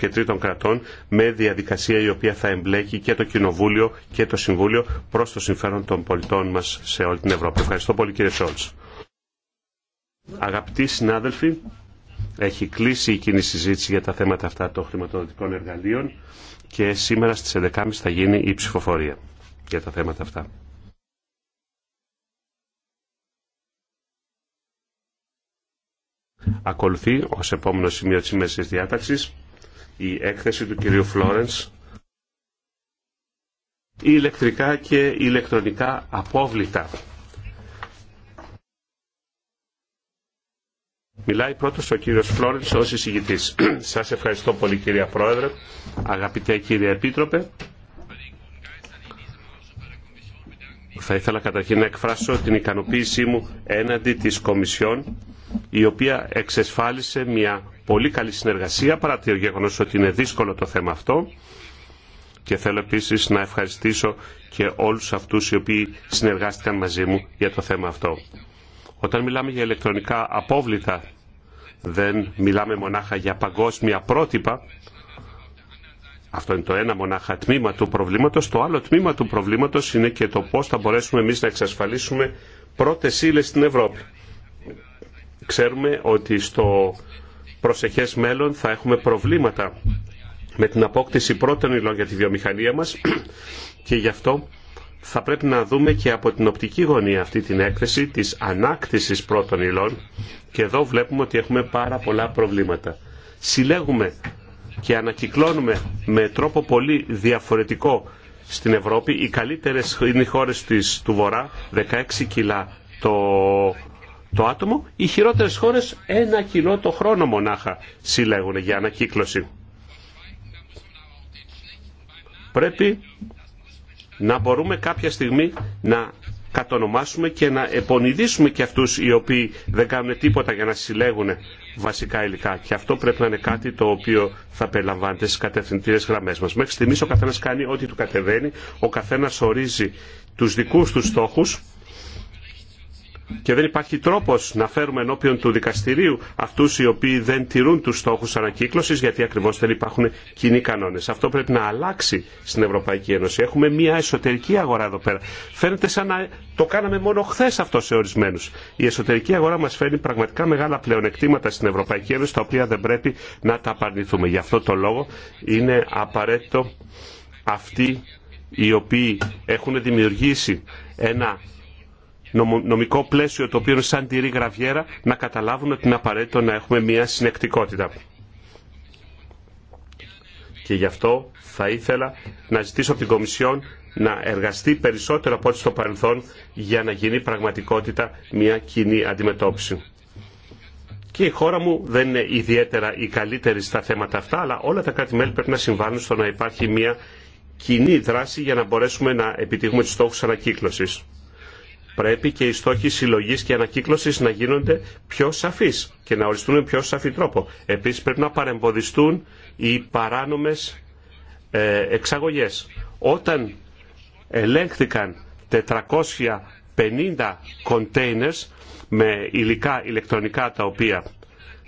και τρίτων κρατών με διαδικασία η οποία θα εμπλέκει και το Κοινοβούλιο και το Συμβούλιο προς το συμφέρον των πολιτών μας σε όλη την Ευρώπη. Ευχαριστώ πολύ κύριε Σόλτς. Αγαπητοί συνάδελφοι, έχει κλείσει η κοινή συζήτηση για τα θέματα αυτά των χρηματοδοτικών εργαλείων και σήμερα στις 11.30 θα γίνει η ψηφοφορία για τα θέματα αυτά. Ακολουθεί ως επόμενο σημείο της μέσης διάταξης η έκθεση του κυρίου Φλόρενς η ηλεκτρικά και ηλεκτρονικά απόβλητα. Μιλάει πρώτος ο κύριος Φλόρενς ως εισηγητής. Σας ευχαριστώ πολύ κυρία Πρόεδρε, αγαπητέ κύριε Επίτροπε. Θα ήθελα καταρχήν να εκφράσω την ικανοποίησή μου έναντι της Κομισιόν η οποία εξεσφάλισε μια πολύ καλή συνεργασία παρά το γεγονό ότι είναι δύσκολο το θέμα αυτό και θέλω επίσης να ευχαριστήσω και όλους αυτούς οι οποίοι συνεργάστηκαν μαζί μου για το θέμα αυτό. Όταν μιλάμε για ηλεκτρονικά απόβλητα δεν μιλάμε μονάχα για παγκόσμια πρότυπα αυτό είναι το ένα μονάχα τμήμα του προβλήματος. Το άλλο τμήμα του προβλήματος είναι και το πώς θα μπορέσουμε εμείς να εξασφαλίσουμε πρώτες ύλες στην Ευρώπη. Ξέρουμε ότι στο προσεχές μέλλον θα έχουμε προβλήματα με την απόκτηση πρώτων υλών για τη βιομηχανία μας και γι' αυτό θα πρέπει να δούμε και από την οπτική γωνία αυτή την έκθεση της ανάκτησης πρώτων υλών και εδώ βλέπουμε ότι έχουμε πάρα πολλά προβλήματα. Συλλέγουμε και ανακυκλώνουμε με τρόπο πολύ διαφορετικό στην Ευρώπη. Οι καλύτερες είναι οι χώρες της, του Βορρά, 16 κιλά το, το άτομο. Οι χειρότερες χώρες, ένα κιλό το χρόνο μονάχα συλλέγουν για ανακύκλωση. Πρέπει να μπορούμε κάποια στιγμή να κατονομάσουμε και να επονιδίσουμε και αυτούς οι οποίοι δεν κάνουν τίποτα για να συλλέγουν βασικά υλικά. Και αυτό πρέπει να είναι κάτι το οποίο θα περιλαμβάνεται στι κατευθυντήρε γραμμέ μα. Μέχρι στιγμή ο καθένα κάνει ό,τι του κατεβαίνει, ο καθένα ορίζει του δικού του στόχου και δεν υπάρχει τρόπο να φέρουμε ενώπιον του δικαστηρίου αυτού οι οποίοι δεν τηρούν του στόχου ανακύκλωση γιατί ακριβώ δεν υπάρχουν κοινοί κανόνε. Αυτό πρέπει να αλλάξει στην Ευρωπαϊκή Ένωση. Έχουμε μια εσωτερική αγορά εδώ πέρα. Φαίνεται σαν να το κάναμε μόνο χθε αυτό σε ορισμένου. Η εσωτερική αγορά μα φέρνει πραγματικά μεγάλα πλεονεκτήματα στην Ευρωπαϊκή Ένωση τα οποία δεν πρέπει να τα απαρνηθούμε. Γι' αυτό το λόγο είναι απαραίτητο αυτοί οι οποίοι έχουν δημιουργήσει ένα νομικό πλαίσιο το οποίο είναι σαν τη γραβιέρα να καταλάβουν ότι είναι απαραίτητο να έχουμε μια συνεκτικότητα. Και γι' αυτό θα ήθελα να ζητήσω από την Κομισιόν να εργαστεί περισσότερο από ό,τι στο παρελθόν για να γίνει πραγματικότητα μια κοινή αντιμετώπιση. Και η χώρα μου δεν είναι ιδιαίτερα η καλύτερη στα θέματα αυτά, αλλά όλα τα κράτη-μέλη πρέπει να συμβάλλουν στο να υπάρχει μια κοινή δράση για να μπορέσουμε να επιτύχουμε τους στόχους ανακύκλωσης πρέπει και οι στόχοι συλλογή και ανακύκλωση να γίνονται πιο σαφεί και να οριστούν με πιο σαφή τρόπο. Επίση πρέπει να παρεμποδιστούν οι παράνομε εξαγωγέ. Όταν ελέγχθηκαν 450 containers με υλικά ηλεκτρονικά τα οποία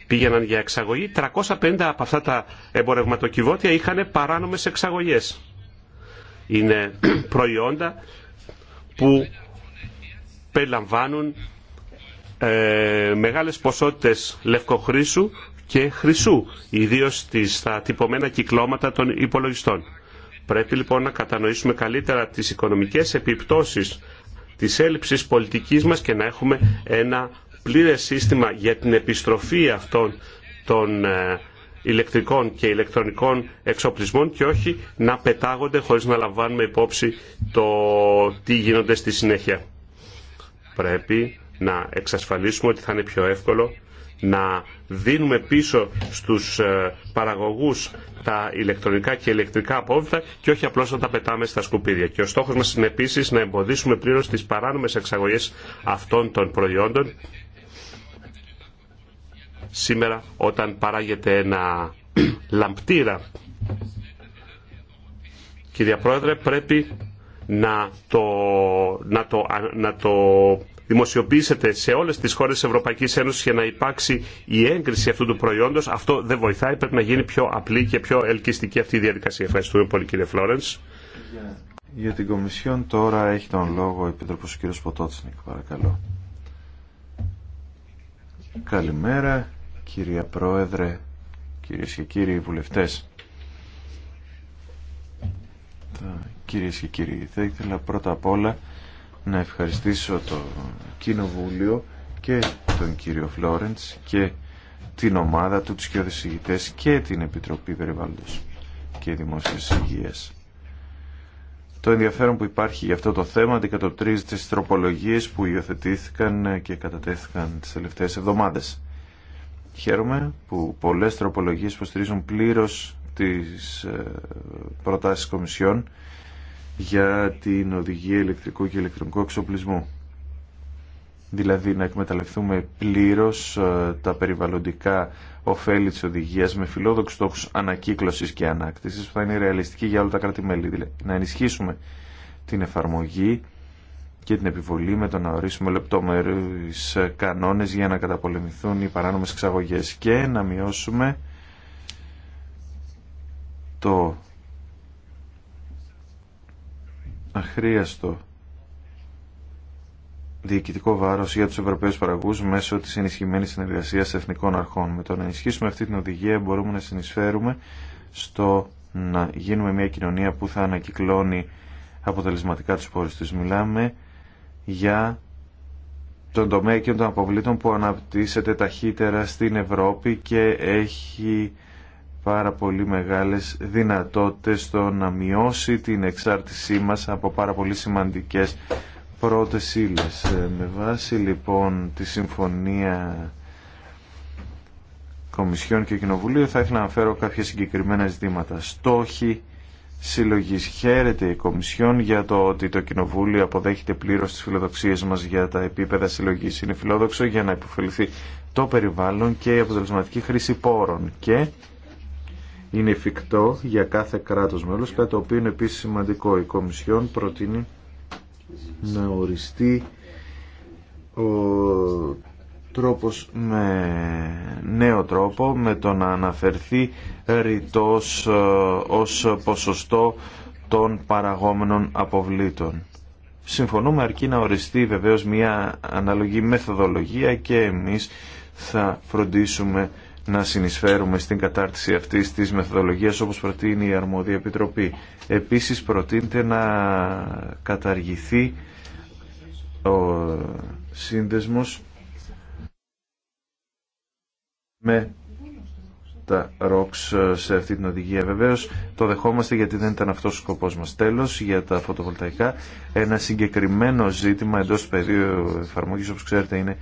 πήγαιναν για εξαγωγή, 350 από αυτά τα εμπορευματοκιβώτια είχαν παράνομες εξαγωγές. Είναι προϊόντα που περιλαμβάνουν ε, μεγάλες ποσότητες λευκοχρήσου και χρυσού, ιδίως στα τυπωμένα κυκλώματα των υπολογιστών. Πρέπει λοιπόν να κατανοήσουμε καλύτερα τις οικονομικές επιπτώσεις της έλλειψης πολιτικής μας και να έχουμε ένα πλήρες σύστημα για την επιστροφή αυτών των ε, ηλεκτρικών και ηλεκτρονικών εξοπλισμών και όχι να πετάγονται χωρίς να λαμβάνουμε υπόψη το τι γίνονται στη συνέχεια. Πρέπει να εξασφαλίσουμε ότι θα είναι πιο εύκολο να δίνουμε πίσω στους ε, παραγωγούς τα ηλεκτρονικά και ηλεκτρικά απόβλητα και όχι απλώς να τα πετάμε στα σκουπίδια. Και ο στόχος μας είναι επίσης να εμποδίσουμε πλήρως τις παράνομες εξαγωγές αυτών των προϊόντων. Σήμερα όταν παράγεται ένα λαμπτήρα, κυρία Πρόεδρε, πρέπει να το, να το, να το δημοσιοποιήσετε σε όλες τις χώρες της Ευρωπαϊκής Ένωσης για να υπάρξει η έγκριση αυτού του προϊόντος. Αυτό δεν βοηθάει, πρέπει να γίνει πιο απλή και πιο ελκυστική αυτή η διαδικασία. Ευχαριστούμε πολύ κύριε Φλόρενς. Για την Κομισιόν τώρα έχει τον λόγο ο Επίτροπος κύριος Ποτότσνικ, παρακαλώ. Καλημέρα, κυρία Πρόεδρε, κυρίες και κύριοι βουλευτές. Κυρίες και κύριοι, θα ήθελα πρώτα απ' όλα να ευχαριστήσω το Κοινοβούλιο και τον κύριο Φλόρεντς και την ομάδα του, τους κοιόδες και την Επιτροπή Περιβάλλοντος και Δημόσιας Υγείας. Το ενδιαφέρον που υπάρχει για αυτό το θέμα αντικατοπτρίζει τις τροπολογίες που υιοθετήθηκαν και κατατέθηκαν τις τελευταίες εβδομάδες. Χαίρομαι που πολλές τροπολογίες υποστηρίζουν πλήρως τις ε, προτάσεις Κομισιόν για την οδηγία ηλεκτρικού και ηλεκτρονικού εξοπλισμού. Δηλαδή να εκμεταλλευτούμε πλήρως ε, τα περιβαλλοντικά ωφέλη της οδηγίας με φιλόδοξους στόχους ανακύκλωσης και ανάκτησης που θα είναι ρεαλιστική για όλα τα κράτη-μέλη. Δηλαδή, να ενισχύσουμε την εφαρμογή και την επιβολή με το να ορίσουμε λεπτόμερους ε, κανόνες για να καταπολεμηθούν οι παράνομες εξαγωγές και να μειώσουμε το αχρίαστο διοικητικό βάρο για του Ευρωπαίου παραγωγού μέσω τη ενισχυμένη συνεργασία εθνικών αρχών. Με το να ενισχύσουμε αυτή την οδηγία μπορούμε να συνεισφέρουμε στο να γίνουμε μια κοινωνία που θα ανακυκλώνει αποτελεσματικά του πόρου τη. Μιλάμε για τον τομέα και των αποβλήτων που αναπτύσσεται ταχύτερα στην Ευρώπη και έχει πάρα πολύ μεγάλες δυνατότητες στο να μειώσει την εξάρτησή μας από πάρα πολύ σημαντικές πρώτες ύλες. Ε, με βάση λοιπόν τη συμφωνία Κομισιών και Κοινοβουλίου θα ήθελα να φέρω κάποια συγκεκριμένα ζητήματα. Στόχοι συλλογής. Χαίρεται η Κομισιόν για το ότι το Κοινοβούλιο αποδέχεται πλήρως τις φιλοδοξίες μας για τα επίπεδα συλλογής. Είναι φιλόδοξο για να υποφεληθεί το περιβάλλον και η αποτελεσματική χρήση πόρων και είναι εφικτό για κάθε κράτος μέλος, κάτι το οποίο είναι επίσης σημαντικό. Η Κομισιόν προτείνει να οριστεί ο τρόπος με νέο τρόπο, με το να αναφερθεί ρητός ε, ως ποσοστό των παραγόμενων αποβλήτων. Συμφωνούμε αρκεί να οριστεί βεβαίως μια αναλογή μεθοδολογία και εμείς θα φροντίσουμε να συνεισφέρουμε στην κατάρτιση αυτή τη μεθοδολογία όπως προτείνει η Αρμόδια Επιτροπή. Επίσης προτείνεται να καταργηθεί ο σύνδεσμος με τα ROX σε αυτή την οδηγία. Βεβαίω το δεχόμαστε γιατί δεν ήταν αυτό ο σκοπό μα. Τέλο, για τα φωτοβολταϊκά, ένα συγκεκριμένο ζήτημα εντό πεδίου εφαρμογή, όπω ξέρετε, είναι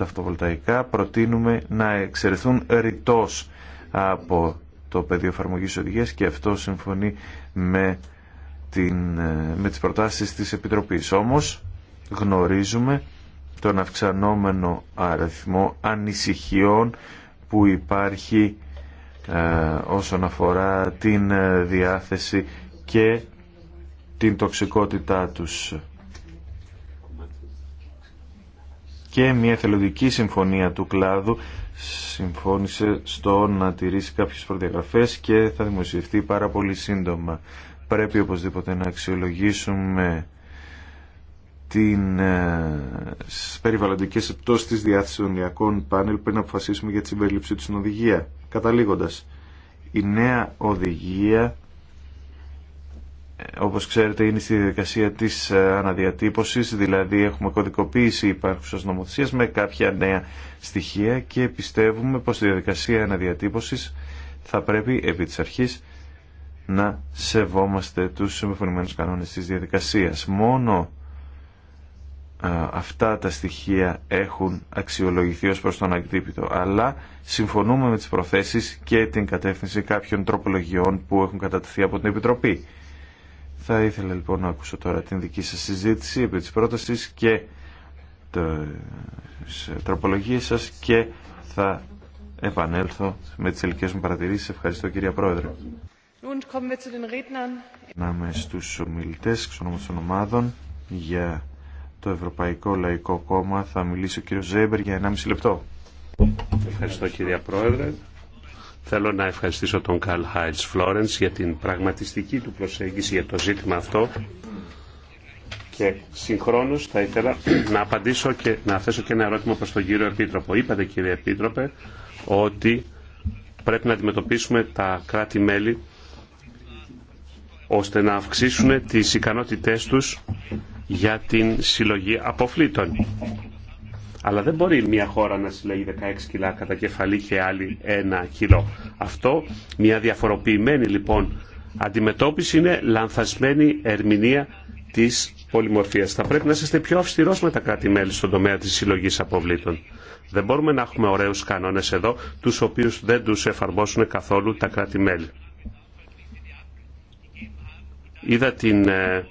τα φωτοβολταϊκά προτείνουμε να εξαιρεθούν ρητός από το πεδίο εφαρμογή οδηγία και αυτό συμφωνεί με, την, ε, με τις προτάσεις της Επιτροπής. Όμως γνωρίζουμε τον αυξανόμενο αριθμό ανησυχιών που υπάρχει ε, όσον αφορά την ε, διάθεση και την τοξικότητά τους. και μια εθελοντική συμφωνία του κλάδου συμφώνησε στο να τηρήσει κάποιες προδιαγραφές και θα δημοσιευτεί πάρα πολύ σύντομα. Πρέπει οπωσδήποτε να αξιολογήσουμε την ε, περιβαλλοντικές επιπτώσεις της διάθεσης των Ιακών πάνελ πριν αποφασίσουμε για τη συμπερίληψή του στην οδηγία. Καταλήγοντας, η νέα οδηγία όπως ξέρετε είναι στη διαδικασία της ε, αναδιατύπωσης, δηλαδή έχουμε κωδικοποίηση υπάρχουσας νομοθεσίας με κάποια νέα στοιχεία και πιστεύουμε πως στη διαδικασία αναδιατύπωσης θα πρέπει επί της αρχής να σεβόμαστε τους συμφωνημένους κανόνες της διαδικασίας. Μόνο αυτά τα στοιχεία έχουν αξιολογηθεί ως προς τον ακτύπητο αλλά συμφωνούμε με τις προθέσεις και την κατεύθυνση κάποιων τροπολογιών που έχουν κατατεθεί από την Επιτροπή θα ήθελα λοιπόν να ακούσω τώρα την δική σας συζήτηση επί της πρότασης και τις τροπολογίες σας και θα επανέλθω με τις ελικές μου παρατηρήσεις. Ευχαριστώ κυρία Πρόεδρε. Να είμαι στους ομιλητές εξ των ομάδων για το Ευρωπαϊκό Λαϊκό Κόμμα. Θα μιλήσει ο κύριος Ζέμπερ για 1,5 λεπτό. Ευχαριστώ κυρία Πρόεδρε. Θέλω να ευχαριστήσω τον Καρλ Χάιτς Φλόρενς για την πραγματιστική του προσέγγιση για το ζήτημα αυτό και συγχρόνως θα ήθελα να απαντήσω και να θέσω και ένα ερώτημα προς τον κύριο Επίτροπο. Είπατε κύριε Επίτροπε ότι πρέπει να αντιμετωπίσουμε τα κράτη-μέλη ώστε να αυξήσουν τις ικανότητές τους για την συλλογή αποφλήτων. Αλλά δεν μπορεί μια χώρα να συλλέγει 16 κιλά κατά κεφαλή και άλλη ένα κιλό. Αυτό, μια διαφοροποιημένη λοιπόν αντιμετώπιση είναι λανθασμένη ερμηνεία της πολυμορφίας. Θα πρέπει να είστε πιο αυστηρός με τα κράτη-μέλη στον τομέα της συλλογής αποβλήτων. Δεν μπορούμε να έχουμε ωραίους κανόνες εδώ, τους οποίους δεν τους εφαρμόσουν καθόλου τα κράτη-μέλη. Είδα την ε,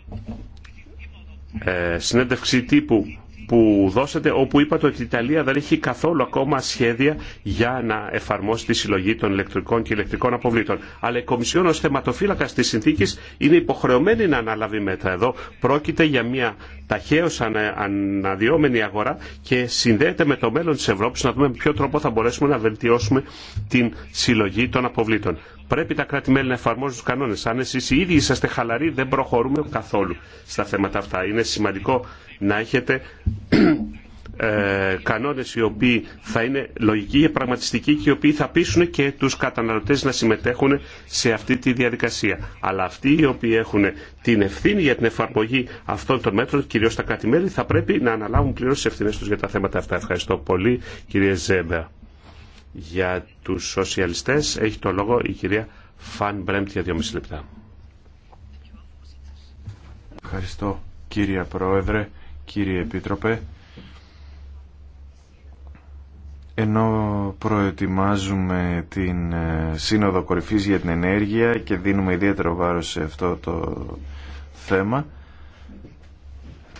ε συνέντευξη τύπου που δώσατε όπου είπατε ότι η Ιταλία δεν έχει καθόλου ακόμα σχέδια για να εφαρμόσει τη συλλογή των ηλεκτρικών και ηλεκτρικών αποβλήτων. Αλλά η Κομισιόν ως θεματοφύλακας τη συνθήκη είναι υποχρεωμένη να αναλάβει μέτρα. Εδώ πρόκειται για μια ταχαίως αναδυόμενη αγορά και συνδέεται με το μέλλον της Ευρώπης να δούμε με ποιο τρόπο θα μπορέσουμε να βελτιώσουμε την συλλογή των αποβλήτων. Πρέπει τα κράτη-μέλη να εφαρμόζουν του κανόνε. Αν εσεί οι ίδιοι είσαστε χαλαροί, δεν προχωρούμε καθόλου στα θέματα αυτά. Είναι σημαντικό να έχετε ε, κανόνες οι οποίοι θα είναι λογικοί και πραγματιστικοί και οι οποίοι θα πείσουν και τους καταναλωτές να συμμετέχουν σε αυτή τη διαδικασία. Αλλά αυτοί οι οποίοι έχουν την ευθύνη για την εφαρμογή αυτών των μέτρων, κυρίως τα κράτη-μέλη, θα πρέπει να αναλάβουν πλήρως τις ευθύνες τους για τα θέματα αυτά. Ευχαριστώ πολύ κυρία Ζέμπερ. Για τους σοσιαλιστές έχει το λόγο η κυρία Φαν Μπρέμπτ για μισή λεπτά. Ευχαριστώ κύριε Πρόεδρε κύριε Επίτροπε. Ενώ προετοιμάζουμε την ε, Σύνοδο Κορυφής για την Ενέργεια και δίνουμε ιδιαίτερο βάρος σε αυτό το θέμα,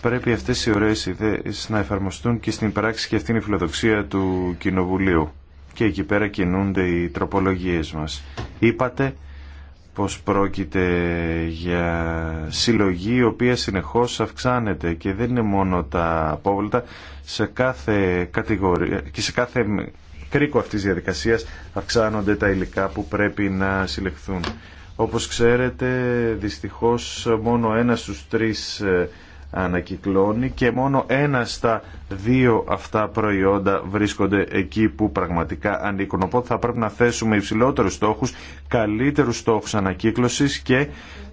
πρέπει αυτές οι ωραίες ιδέες να εφαρμοστούν και στην πράξη και αυτήν η φιλοδοξία του Κοινοβουλίου. Και εκεί πέρα κινούνται οι τροπολογίες μας. Είπατε πως πρόκειται για συλλογή η οποία συνεχώς αυξάνεται και δεν είναι μόνο τα απόβλητα σε κάθε κατηγορία και σε κάθε κρίκο αυτής της διαδικασίας αυξάνονται τα υλικά που πρέπει να συλλεχθούν. Όπως ξέρετε δυστυχώς μόνο ένα στους τρεις ε, ανακυκλώνει και μόνο ένα στα δύο αυτά προϊόντα βρίσκονται εκεί που πραγματικά ανήκουν. Οπότε θα πρέπει να θέσουμε υψηλότερους στόχους, καλύτερους στόχους ανακύκλωσης και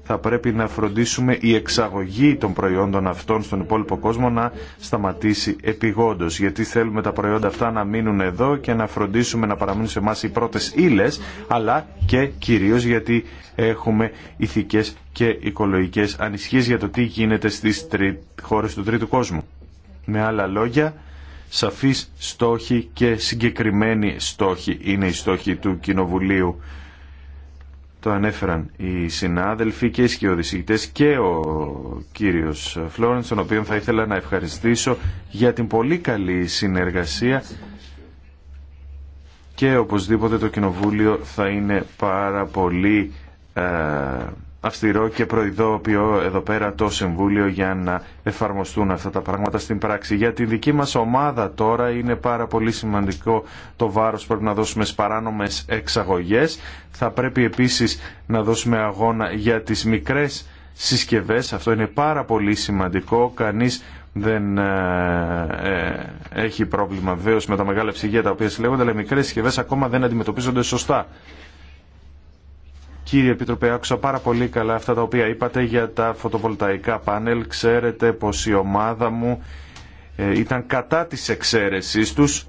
θα πρέπει να φροντίσουμε η εξαγωγή των προϊόντων αυτών στον υπόλοιπο κόσμο να σταματήσει επιγόντως. Γιατί θέλουμε τα προϊόντα αυτά να μείνουν εδώ και να φροντίσουμε να παραμείνουν σε εμά οι πρώτες ύλες, αλλά και κυρίως γιατί έχουμε ηθικές και οικολογικές ανησυχίες για το τι γίνεται στις τρι... χώρες του τρίτου κόσμου. Με άλλα λόγια, σαφείς στόχοι και συγκεκριμένοι στόχοι είναι οι στόχοι του Κοινοβουλίου το ανέφεραν οι συνάδελφοι και οι σκιοδησίτες και ο κύριος Φλόρενς, τον οποίο θα ήθελα να ευχαριστήσω για την πολύ καλή συνεργασία και οπωσδήποτε το Κοινοβούλιο θα είναι πάρα πολύ ε, αυστηρό και προειδόπιο εδώ πέρα το Συμβούλιο για να εφαρμοστούν αυτά τα πράγματα στην πράξη. Για τη δική μας ομάδα τώρα είναι πάρα πολύ σημαντικό το βάρος που πρέπει να δώσουμε στις παράνομες εξαγωγές. Θα πρέπει επίσης να δώσουμε αγώνα για τις μικρές συσκευές. Αυτό είναι πάρα πολύ σημαντικό. Κανείς δεν ε, ε, έχει πρόβλημα βεβαίω με τα μεγάλα ψυγεία τα οποία συλλέγονται, αλλά οι μικρές συσκευές ακόμα δεν αντιμετωπίζονται σωστά. Κύριε Επιτροπέ, άκουσα πάρα πολύ καλά αυτά τα οποία είπατε για τα φωτοβολταϊκά πάνελ. Ξέρετε πως η ομάδα μου ε, ήταν κατά της εξαίρεσής τους,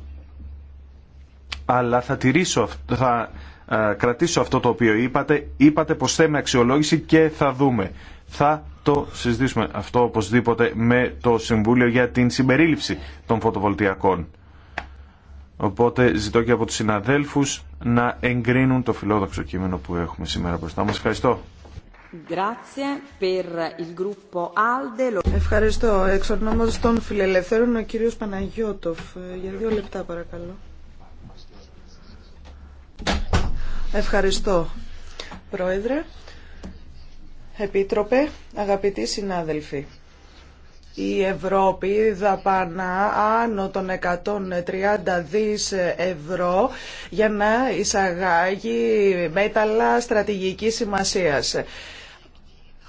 αλλά θα, τηρήσω, θα ε, κρατήσω αυτό το οποίο είπατε. Είπατε πως θέμε αξιολόγηση και θα δούμε. Θα το συζητήσουμε αυτό οπωσδήποτε με το Συμβούλιο για την συμπερίληψη των φωτοβολταϊκών Οπότε ζητώ και από τους συναδέλφους να εγκρίνουν το φιλόδοξο κείμενο που έχουμε σήμερα μπροστά μας. Ευχαριστώ. Ευχαριστώ. Εξ των φιλελευθέρων ο κύριος Παναγιώτοφ. Ε, για δύο λεπτά παρακαλώ. Ευχαριστώ. Πρόεδρε, Επίτροπε, αγαπητοί συνάδελφοι η Ευρώπη δαπανά άνω των 130 δις ευρώ για να εισαγάγει μέταλλα στρατηγικής σημασίας.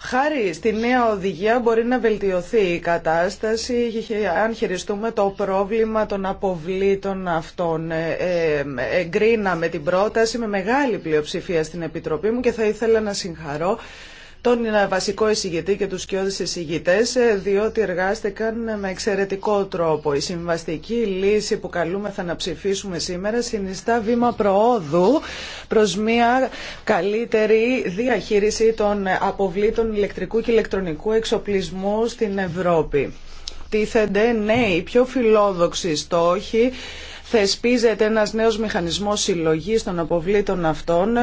Χάρη στη νέα οδηγία μπορεί να βελτιωθεί η κατάσταση αν χειριστούμε το πρόβλημα των αποβλήτων αυτών. Ε, ε, εγκρίναμε την πρόταση με μεγάλη πλειοψηφία στην Επιτροπή μου και θα ήθελα να συγχαρώ τον ε, βασικό εισηγητή και τους σκιώδεις εισηγητές, ε, διότι εργάστηκαν με εξαιρετικό τρόπο. Η συμβαστική λύση που θα να ψηφίσουμε σήμερα συνιστά βήμα προόδου προς μια καλύτερη διαχείριση των αποβλήτων ηλεκτρικού και ηλεκτρονικού εξοπλισμού στην Ευρώπη. Τίθενται νέοι, πιο φιλόδοξοι στόχοι θεσπίζεται ένας νέος μηχανισμός συλλογής των αποβλήτων αυτών.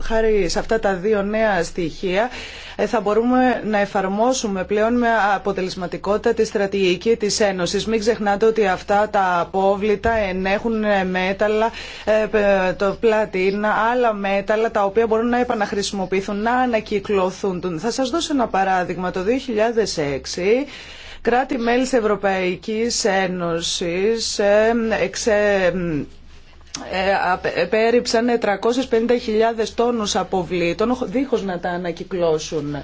Χάρη, σε αυτά τα δύο νέα στοιχεία ε, θα μπορούμε να εφαρμόσουμε πλέον με αποτελεσματικότητα τη στρατηγική της Ένωσης. Μην ξεχνάτε ότι αυτά τα απόβλητα ενέχουν ε, μέταλλα, ε, το πλατίνα, άλλα μέταλλα τα οποία μπορούν να επαναχρησιμοποιηθούν, να ανακυκλωθούν. Θα σας δώσω ένα παράδειγμα. Το 2006 κράτη-μέλη της Ευρωπαϊκής Ένωσης ε, εξε, ε, επέριψαν 350.000 τόνους αποβλήτων δίχως να τα ανακυκλώσουν.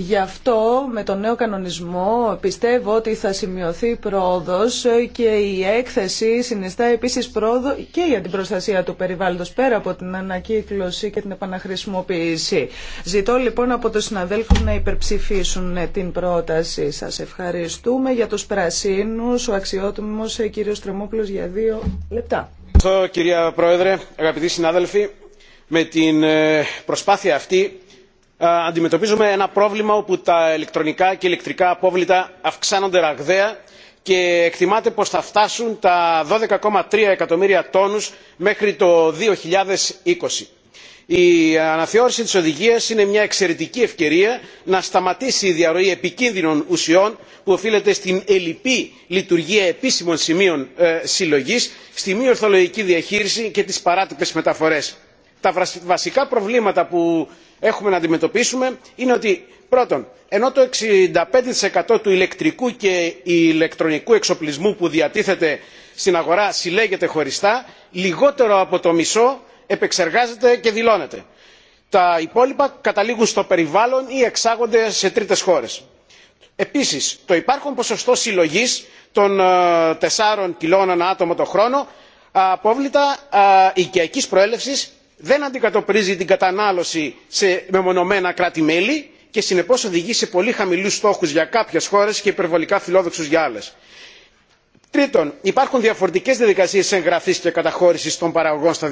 Γι' αυτό με τον νέο κανονισμό πιστεύω ότι θα σημειωθεί πρόοδος και η έκθεση συνιστά επίσης πρόοδο και για την προστασία του περιβάλλοντος πέρα από την ανακύκλωση και την επαναχρησιμοποίηση. Ζητώ λοιπόν από τους συναδέλφους να υπερψηφίσουν την πρόταση. Σας ευχαριστούμε για τους πρασίνους. Ο αξιότιμος ε, κύριος Στρεμόπλος για δύο λεπτά. Ευχαριστώ κυρία Πρόεδρε, αγαπητοί συνάδελφοι. Με την ε, προσπάθεια αυτή ε, αντιμετωπίζουμε ένα πρόβλημα όπου τα ηλεκτρονικά και ηλεκτρικά απόβλητα αυξάνονται ραγδαία και εκτιμάται πως θα φτάσουν τα 12,3 εκατομμύρια τόνους μέχρι το 2020. Η αναθεώρηση της οδηγίας είναι μια εξαιρετική ευκαιρία να σταματήσει η διαρροή επικίνδυνων ουσιών που οφείλεται στην ελλειπή λειτουργία επίσημων σημείων ε, συλλογής, στη μη ορθολογική διαχείριση και τις παράτυπες μεταφορές. Τα βασικά προβλήματα που έχουμε να αντιμετωπίσουμε είναι ότι πρώτον ενώ το 65% του ηλεκτρικού και ηλεκτρονικού εξοπλισμού που διατίθεται στην αγορά συλλέγεται χωριστά λιγότερο από το μισό επεξεργάζεται και δηλώνεται. τα υπόλοιπα καταλήγουν στο περιβάλλον ή εξάγονται σε τρίτες χώρες. επίσης το υπάρχον ποσοστό συλλογής των 4 κιλών ανά άτομο το χρόνο ε, απόβλητα ε, οικιακής προέλευσης δεν αντικατοπτρίζει την κατανάλωση σε μεμονωμένα κράτη μέλη και συνεπώς οδηγεί σε πολύ χαμηλούς στόχους για κάποιες χώρες και υπερβολικά φιλόδοξους για άλλες. Τρίτον, υπάρχουν διαφορετικέ διαδικασίε εγγραφή και καταχώρηση των παραγωγών στι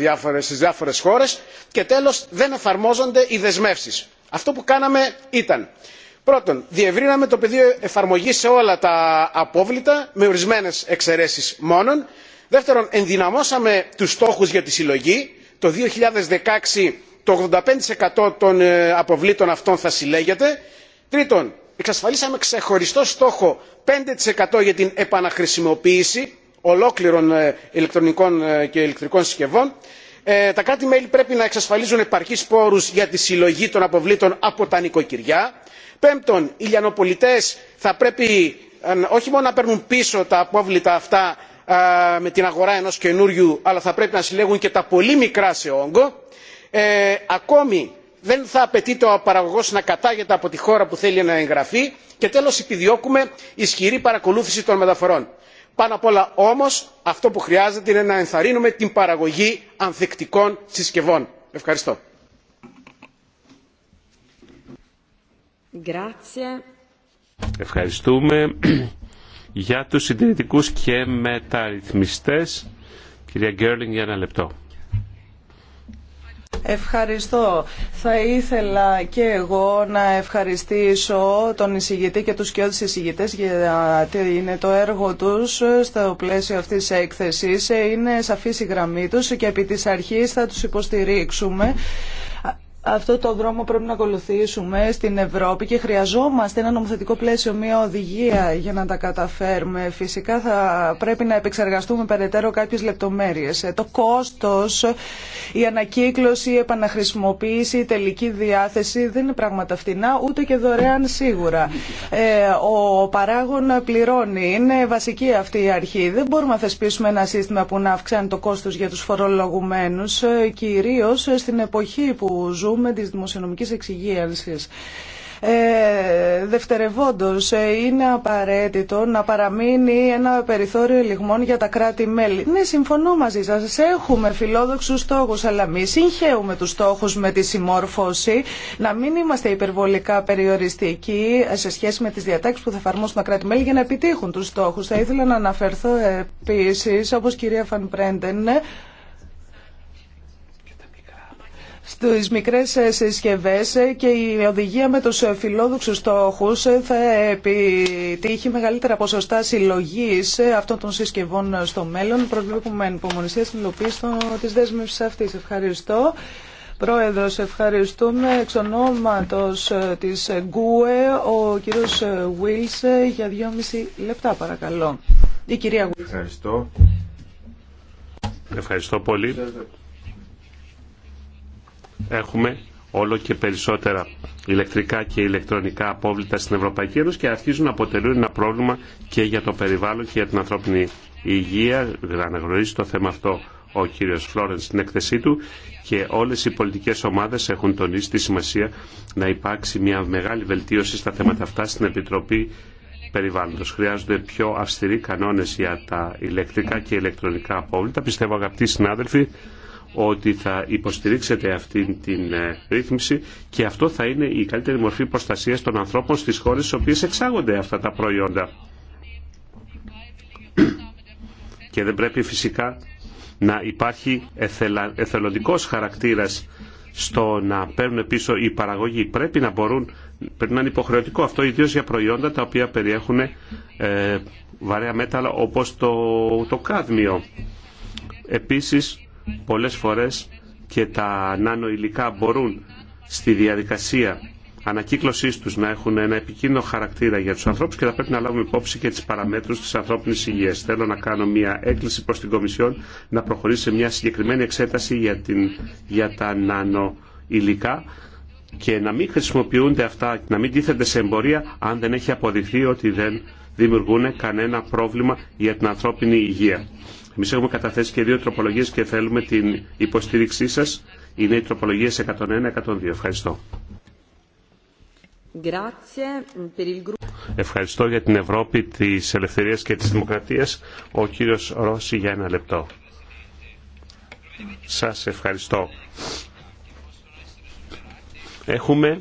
διάφορε χώρε. Και τέλο, δεν εφαρμόζονται οι δεσμεύσει. Αυτό που κάναμε ήταν πρώτον, διευρύναμε το πεδίο εφαρμογή σε όλα τα απόβλητα, με ορισμένε εξαιρέσει μόνον. Δεύτερον, ενδυναμώσαμε του στόχου για τη συλλογή το 2016 το 85% των ε, αποβλήτων αυτών θα συλλέγεται. Τρίτον, εξασφαλίσαμε ξεχωριστό στόχο 5% για την επαναχρησιμοποίηση ολόκληρων ε, ηλεκτρονικών ε, και ηλεκτρικών συσκευών. Τα κράτη-μέλη πρέπει να εξασφαλίζουν επαρκείς πόρους για τη συλλογή των αποβλήτων από τα νοικοκυριά. Πέμπτον, οι λιανοπολιτές θα πρέπει όχι μόνο να παίρνουν πίσω τα απόβλητα αυτά με την αγορά ενός καινούριου αλλά θα πρέπει να συλλέγουν και τα πολύ μικρά σε όγκο. Ε, ακόμη δεν θα απαιτείται ο παραγωγός να κατάγεται από τη χώρα που θέλει να εγγραφεί και τέλος επιδιώκουμε ισχυρή παρακολούθηση των μεταφορών. Πάνω απ' όλα όμως αυτό που χρειάζεται είναι να ενθαρρύνουμε την παραγωγή ανθεκτικών συσκευών. Ευχαριστώ. Ευχαριστούμε για τους συντηρητικούς και μεταρρυθμιστές. Κυρία Γκέρλινγκ, για ένα λεπτό. Ευχαριστώ. Θα ήθελα και εγώ να ευχαριστήσω τον εισηγητή και τους τους εισηγητές γιατί είναι το έργο τους στο πλαίσιο αυτής της έκθεσης. Είναι σαφής η γραμμή τους και επί της αρχής θα τους υποστηρίξουμε αυτό το δρόμο πρέπει να ακολουθήσουμε στην Ευρώπη και χρειαζόμαστε ένα νομοθετικό πλαίσιο, μια οδηγία για να τα καταφέρουμε. Φυσικά θα πρέπει να επεξεργαστούμε περαιτέρω κάποιες λεπτομέρειες. Ε, το κόστος, η ανακύκλωση, η επαναχρησιμοποίηση, η τελική διάθεση δεν είναι πράγματα φτηνά, ούτε και δωρεάν σίγουρα. Ε, ο παράγων πληρώνει. Είναι βασική αυτή η αρχή. Δεν μπορούμε να θεσπίσουμε ένα σύστημα που να αυξάνει το κόστος για τους φορολογουμένους, ε, κυρίως στην εποχή που ζούμε με τις δημοσιονομικές εξυγίανσης. Ε, δευτερευόντως, ε, είναι απαραίτητο να παραμείνει ένα περιθώριο ελιγμών για τα κράτη-μέλη. Ναι, συμφωνώ μαζί σας. Έχουμε φιλόδοξους στόχους, αλλά μη συγχαίουμε τους στόχους με τη συμμόρφωση. Να μην είμαστε υπερβολικά περιοριστικοί ε, σε σχέση με τις διατάξεις που θα εφαρμόσουν τα κράτη-μέλη για να επιτύχουν τους στόχους. Θα ήθελα να αναφερθώ επίσης, όπως κυρία Φαν ναι, στις μικρές ε, συσκευές ε, και η οδηγία με τους ε, φιλόδοξους στόχους θα επιτύχει μεγαλύτερα ποσοστά συλλογής αυτών των συσκευών στο μέλλον. Προβλέπουμε υπομονησία στην υλοποίηση της δέσμευσης αυτής. Ευχαριστώ. Πρόεδρος, ευχαριστούμε. Εξ ονόματος της ΓΚΟΕ, ο κύριος Βίλς, για δυόμιση λεπτά παρακαλώ. Η κυρία Ευχαριστώ. Ευχαριστώ πολύ έχουμε όλο και περισσότερα ηλεκτρικά και ηλεκτρονικά απόβλητα στην Ευρωπαϊκή Ένωση και αρχίζουν να αποτελούν ένα πρόβλημα και για το περιβάλλον και για την ανθρώπινη υγεία. Αναγνωρίζει το θέμα αυτό ο κύριος Φλόρεν στην έκθεσή του και όλες οι πολιτικές ομάδες έχουν τονίσει τη σημασία να υπάρξει μια μεγάλη βελτίωση στα θέματα αυτά στην Επιτροπή Περιβάλλοντος. Χρειάζονται πιο αυστηροί κανόνες για τα ηλεκτρικά και ηλεκτρονικά απόβλητα. Πιστεύω αγαπητοί συνάδελφοι ότι θα υποστηρίξετε αυτή την ε, ρύθμιση και αυτό θα είναι η καλύτερη μορφή προστασίας των ανθρώπων στις χώρες στις οποίες εξάγονται αυτά τα προϊόντα. και δεν πρέπει φυσικά να υπάρχει εθελα, εθελοντικός χαρακτήρας στο να παίρνουν πίσω οι παραγωγοί. Πρέπει να μπορούν, πρέπει να είναι υποχρεωτικό αυτό, ιδίως για προϊόντα τα οποία περιέχουν ε, βαρέα μέταλλα όπως το, το κάδμιο. Επίσης, πολλές φορές και τα νανοηλικά μπορούν στη διαδικασία ανακύκλωσης τους να έχουν ένα επικίνδυνο χαρακτήρα για τους ανθρώπους και θα πρέπει να λάβουμε υπόψη και τις παραμέτρους της ανθρώπινης υγείας. Θέλω να κάνω μια έκκληση προς την Κομισιόν να προχωρήσει σε μια συγκεκριμένη εξέταση για, την, για τα νανοηλικά και να μην χρησιμοποιούνται αυτά, να μην τίθενται σε εμπορία αν δεν έχει αποδειχθεί ότι δεν δημιουργούν κανένα πρόβλημα για την ανθρώπινη υγεία. Εμεί έχουμε καταθέσει και δύο τροπολογίε και θέλουμε την υποστήριξή σα. Είναι οι τροπολογίε 101-102. Ευχαριστώ. Ευχαριστώ για την Ευρώπη τη Ελευθερία και τη Δημοκρατία, Ο κύριο Ρώση για ένα λεπτό. Σα ευχαριστώ. Έχουμε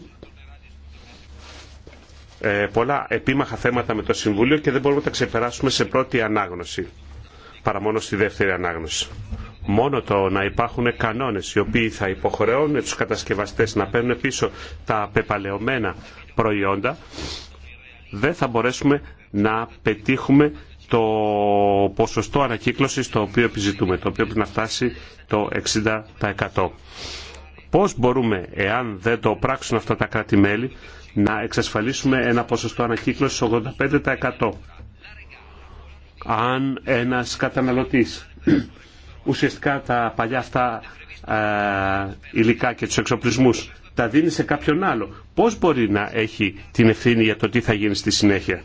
ε, πολλά επίμαχα θέματα με το Συμβούλιο και δεν μπορούμε να τα ξεπεράσουμε σε πρώτη ανάγνωση παρά μόνο στη δεύτερη ανάγνωση. Μόνο το να υπάρχουν κανόνες οι οποίοι θα υποχρεώνουν τους κατασκευαστές να παίρνουν πίσω τα πεπαλαιωμένα προϊόντα, δεν θα μπορέσουμε να πετύχουμε το ποσοστό ανακύκλωσης το οποίο επιζητούμε, το οποίο πρέπει να φτάσει το 60%. Πώς μπορούμε, εάν δεν το πράξουν αυτά τα κράτη-μέλη, να εξασφαλίσουμε ένα ποσοστό ανακύκλωσης 85% αν ένας καταναλωτής ουσιαστικά τα παλιά αυτά ε, υλικά και τους εξοπλισμούς τα δίνει σε κάποιον άλλο. Πώς μπορεί να έχει την ευθύνη για το τι θα γίνει στη συνέχεια.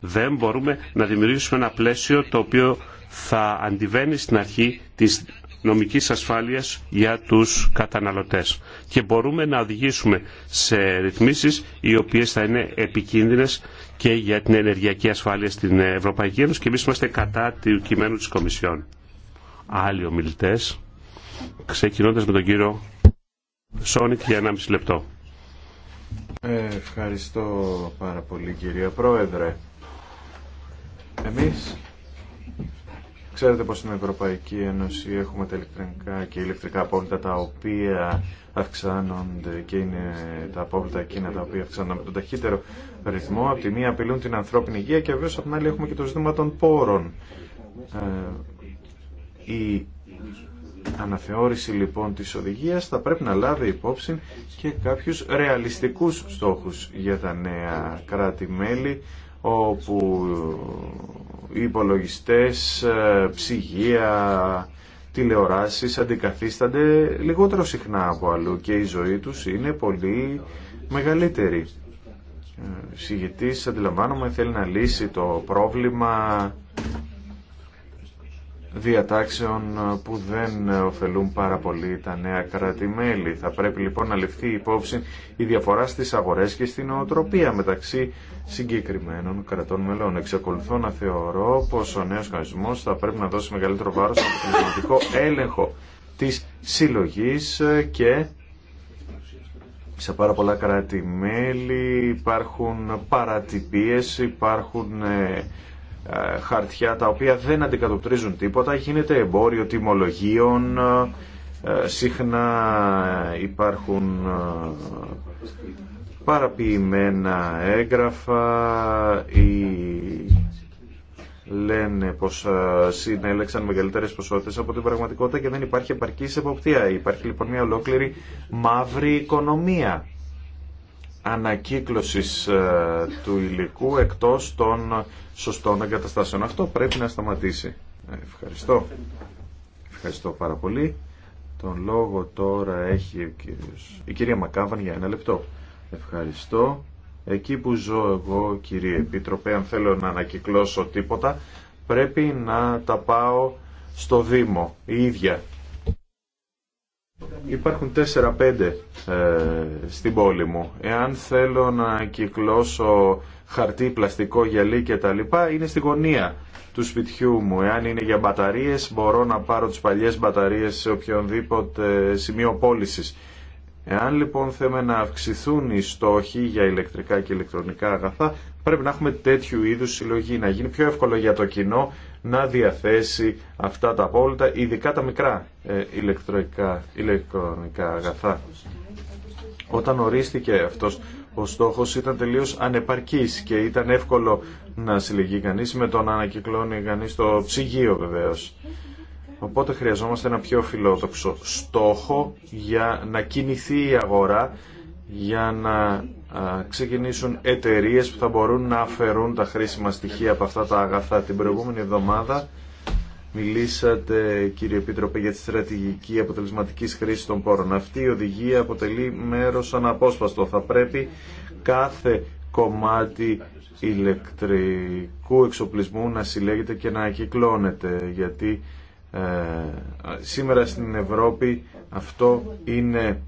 Δεν μπορούμε να δημιουργήσουμε ένα πλαίσιο το οποίο θα αντιβαίνει στην αρχή της νομικής ασφάλειας για τους καταναλωτές. Και μπορούμε να οδηγήσουμε σε ρυθμίσεις οι οποίες θα είναι επικίνδυνες και για την ενεργειακή ασφάλεια στην Ευρωπαϊκή Ένωση και εμεί είμαστε κατά του κειμένου τη Κομισιόν. Άλλοι ομιλητέ, ξεκινώντα με τον κύριο Σόνικ για 1,5 λεπτό. Ευχαριστώ πάρα πολύ κυρία Πρόεδρε. Εμείς Ξέρετε πως στην Ευρωπαϊκή Ένωση έχουμε τα ηλεκτρικά και ηλεκτρικά απόβλητα τα οποία αυξάνονται και είναι τα απόβλητα εκείνα τα οποία αυξάνονται με τον ταχύτερο ρυθμό. Από τη μία απειλούν την ανθρώπινη υγεία και βέβαια από την άλλη έχουμε και το ζήτημα των πόρων. Ε, η αναθεώρηση λοιπόν της οδηγίας θα πρέπει να λάβει υπόψη και κάποιους ρεαλιστικούς στόχους για τα νέα κράτη-μέλη όπου οι υπολογιστές, ε, ψυγεία, τηλεοράσεις αντικαθίστανται λιγότερο συχνά από αλλού και η ζωή τους είναι πολύ μεγαλύτερη. Ο ε, συγητής, αντιλαμβάνομαι, θέλει να λύσει το πρόβλημα διατάξεων που δεν ωφελούν πάρα πολύ τα νέα κράτη-μέλη. Θα πρέπει λοιπόν να ληφθεί υπόψη η διαφορά στις αγορές και στην οτροπία μεταξύ συγκεκριμένων κρατών μελών. Εξακολουθώ να θεωρώ πως ο νέος κανονισμός θα πρέπει να δώσει μεγαλύτερο βάρος στον πνευματικό έλεγχο της συλλογής και σε πάρα πολλά κράτη-μέλη υπάρχουν παρατυπίες, υπάρχουν ε, ε, χαρτιά τα οποία δεν αντικατοπτρίζουν τίποτα. Γίνεται εμπόριο τιμολογίων, ε, ε, συχνά υπάρχουν παραποιημένα έγγραφα ή λένε πως συνέλεξαν μεγαλύτερες ποσότητες από την πραγματικότητα και δεν υπάρχει επαρκής εποπτεία. Υπάρχει λοιπόν μια ολόκληρη μαύρη οικονομία ανακύκλωσης ε, του υλικού εκτός των σωστών εγκαταστάσεων. Αυτό πρέπει να σταματήσει. Ε, ευχαριστώ. Ευχαριστώ πάρα πολύ. Τον λόγο τώρα έχει ο κύριος... η κυρία Μακάβαν για ένα λεπτό. Ευχαριστώ. Εκεί που ζω εγώ, κύριε Επίτροπε, αν θέλω να ανακυκλώσω τίποτα, πρέπει να τα πάω στο Δήμο, η ίδια Υπάρχουν 4-5 ε, στην πόλη μου. Εάν θέλω να κυκλώσω χαρτί, πλαστικό, γυαλί κτλ. είναι στη γωνία του σπιτιού μου. Εάν είναι για μπαταρίες μπορώ να πάρω τις παλιές μπαταρίες σε οποιονδήποτε σημείο πώλησης. Εάν λοιπόν θέλουμε να αυξηθούν οι στόχοι για ηλεκτρικά και ηλεκτρονικά αγαθά, Πρέπει να έχουμε τέτοιου είδους συλλογή, να γίνει πιο εύκολο για το κοινό να διαθέσει αυτά τα απόλυτα, ειδικά τα μικρά ε, ηλεκτρονικά, ηλεκτρονικά αγαθά. Όταν ορίστηκε αυτός ο στόχος ήταν τελείως ανεπαρκής και ήταν εύκολο να συλλεγεί κανείς με το να ανακυκλώνει κανείς το ψυγείο βεβαίως. Οπότε χρειαζόμαστε ένα πιο φιλόδοξο στόχο για να κινηθεί η αγορά, για να ξεκινήσουν εταιρείε που θα μπορούν να αφαιρούν τα χρήσιμα στοιχεία από αυτά τα αγαθά. Την προηγούμενη εβδομάδα μιλήσατε, κύριε Επίτροπε, για τη στρατηγική αποτελεσματική χρήση των πόρων. Αυτή η οδηγία αποτελεί μέρος αναπόσπαστο. Θα πρέπει κάθε κομμάτι ηλεκτρικού εξοπλισμού να συλλέγεται και να ακυκλώνεται, γιατί ε, σήμερα στην Ευρώπη αυτό είναι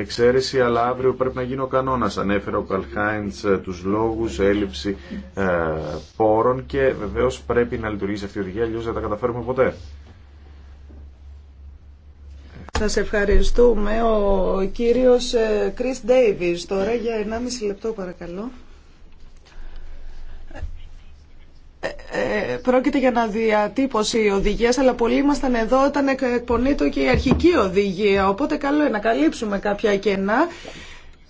εξαίρεση, αλλά αύριο πρέπει να γίνει ο κανόνας. Ανέφερε ο Καλχάιντς ε, τους λόγους, έλλειψη ε, πόρων και βεβαίως πρέπει να λειτουργήσει αυτή η οδηγία, αλλιώς δεν τα καταφέρουμε ποτέ. Σας ευχαριστούμε. Ο κύριος Κρίς ε, Ντέιβις τώρα για 1,5 λεπτό παρακαλώ. Ε, πρόκειται για να διατύπωση οδηγία, αλλά πολλοί ήμασταν εδώ όταν εκπονείται και η αρχική οδηγία, οπότε καλό είναι να καλύψουμε κάποια κενά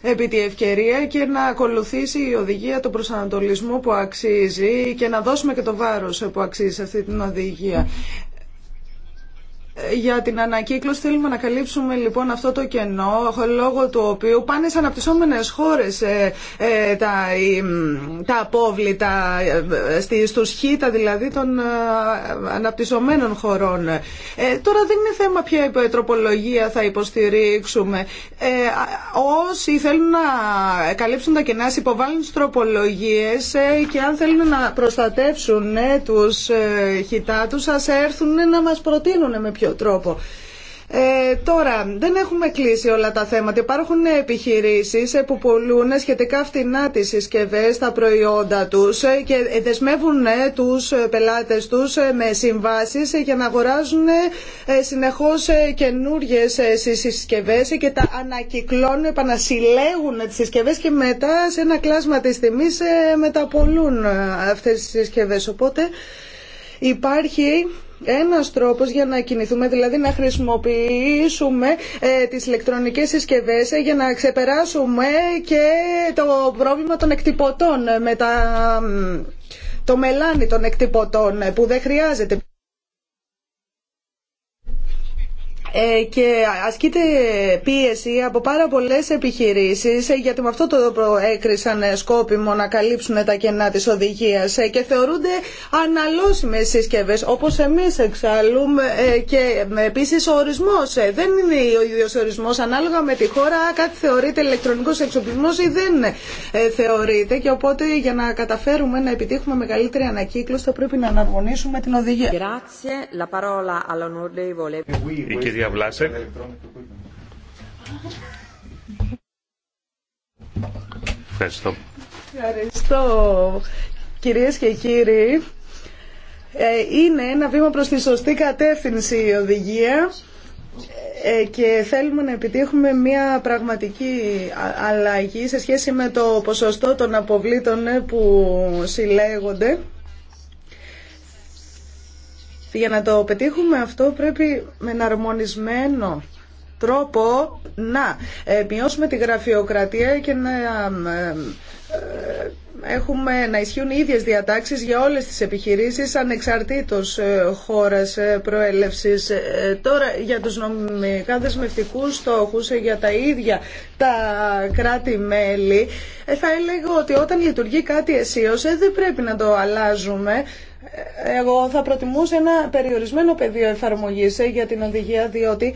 επί τη ευκαιρία και να ακολουθήσει η οδηγία τον προσανατολισμό που αξίζει και να δώσουμε και το βάρος που αξίζει σε αυτή την οδηγία. Για την ανακύκλωση θέλουμε να καλύψουμε λοιπόν αυτό το κενό λόγω του οποίου πάνε σε αναπτυσσόμενες χώρες ε, ε, τα, τα απόβλητα ε, στη, στους χήτα δηλαδή των αναπτυσσομένων χωρών. τώρα δεν είναι θέμα ποια τροπολογία θα υποστηρίξουμε. όσοι θέλουν να καλύψουν τα κενά υποβάλλουν τις τροπολογίες και αν θέλουν να προστατεύσουν τους χιτά τους ας έρθουν να μας προτείνουν με ποιο τρόπο. Ε, τώρα, δεν έχουμε κλείσει όλα τα θέματα. Υπάρχουν επιχειρήσει ε, που πουλούν σχετικά φτηνά τι συσκευέ, τα προϊόντα του ε, και δεσμεύουν του πελάτε του με συμβάσει για να αγοράζουν συνεχώ καινούριε συσκευέ και τα ανακυκλώνουν, επανασυλλέγουν τι συσκευέ και μετά σε ένα κλάσμα τη τιμή μεταπολούν αυτέ τι συσκευέ. Οπότε υπάρχει ένας τρόπος για να κινηθούμε, δηλαδή να χρησιμοποιήσουμε ε, τις ηλεκτρονικές συσκευές για να ξεπεράσουμε και το πρόβλημα των εκτυπωτών με τα, το μελάνι των εκτυπωτών ε, που δεν χρειάζεται. Ε, και ασκείται πίεση από πάρα πολλές επιχειρήσεις ε, γιατί με αυτό το έκρισαν ε, σκόπιμο να καλύψουν τα κενά της οδηγίας και θεωρούνται αναλώσιμες συσκευές όπως εμείς εξάλλου και επίσης ο ορισμός δεν είναι ο ίδιος ορισμός ανάλογα με τη χώρα κάτι θεωρείται ηλεκτρονικός εξοπλισμός ή δεν θεωρείται και οπότε για να καταφέρουμε να επιτύχουμε μεγαλύτερη ανακύκλωση θα πρέπει να αναγωνίσουμε την οδηγία κυρία Ευχαριστώ. Ευχαριστώ. Κυρίες και κύριοι, ε, είναι ένα βήμα προς τη σωστή κατεύθυνση η οδηγία ε, και θέλουμε να επιτύχουμε μια πραγματική αλλαγή σε σχέση με το ποσοστό των αποβλήτων ε, που συλλέγονται για να το πετύχουμε αυτό πρέπει με αρμονισμένο τρόπο να ε, μειώσουμε τη γραφειοκρατία και να ε, ε, έχουμε να ισχύουν οι ίδιες διατάξεις για όλες τις επιχειρήσεις ανεξαρτήτως χώρας προέλευσης. Τώρα για τους νομικά δεσμευτικούς στόχους για τα ίδια τα κράτη-μέλη θα έλεγα ότι όταν λειτουργεί κάτι αισίως δεν πρέπει να το αλλάζουμε εγώ θα προτιμούσα ένα περιορισμένο πεδίο εφαρμογής ε, για την οδηγία, διότι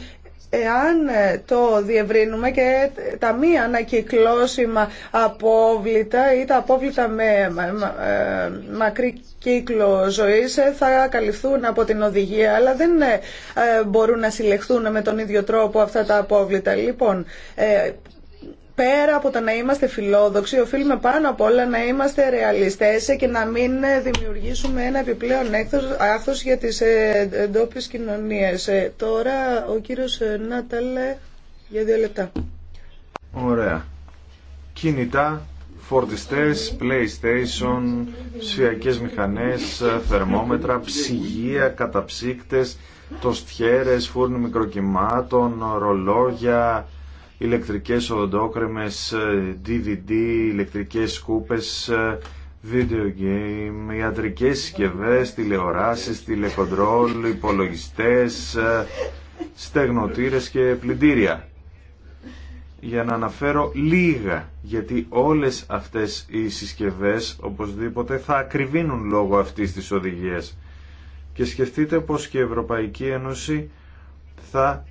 εάν ε, το διευρύνουμε και τα μη ανακυκλώσιμα απόβλητα ή τα απόβλητα με ε, μακρύ κύκλο ζωής θα καλυφθούν από την οδηγία, αλλά δεν μπορούν να συλλεχθούν με τον ίδιο τρόπο αυτά τα απόβλητα. Λοιπόν, πέρα από το να είμαστε φιλόδοξοι, οφείλουμε πάνω απ' όλα να είμαστε ρεαλιστές και να μην ε, δημιουργήσουμε ένα επιπλέον άθος για τις ε, εντόπιε κοινωνίες. Ε, τώρα ο κύριος Νάταλε για δύο λεπτά. Ωραία. Κινητά, φορτιστές, PlayStation, ψηφιακές μηχανές, θερμόμετρα, ψυγεία, καταψύκτες, τοστιέρες, φούρνοι μικροκυμάτων, ρολόγια, ηλεκτρικές οδοντόκρεμες, DVD, ηλεκτρικές σκούπες, video game, ιατρικές συσκευές, τηλεοράσεις, τηλεκοντρόλ, υπολογιστές, στεγνοτήρες και πλυντήρια. Για να αναφέρω λίγα, γιατί όλες αυτές οι συσκευές οπωσδήποτε θα ακριβίνουν λόγω αυτής της οδηγίας. Και σκεφτείτε πως και η Ευρωπαϊκή Ένωση θα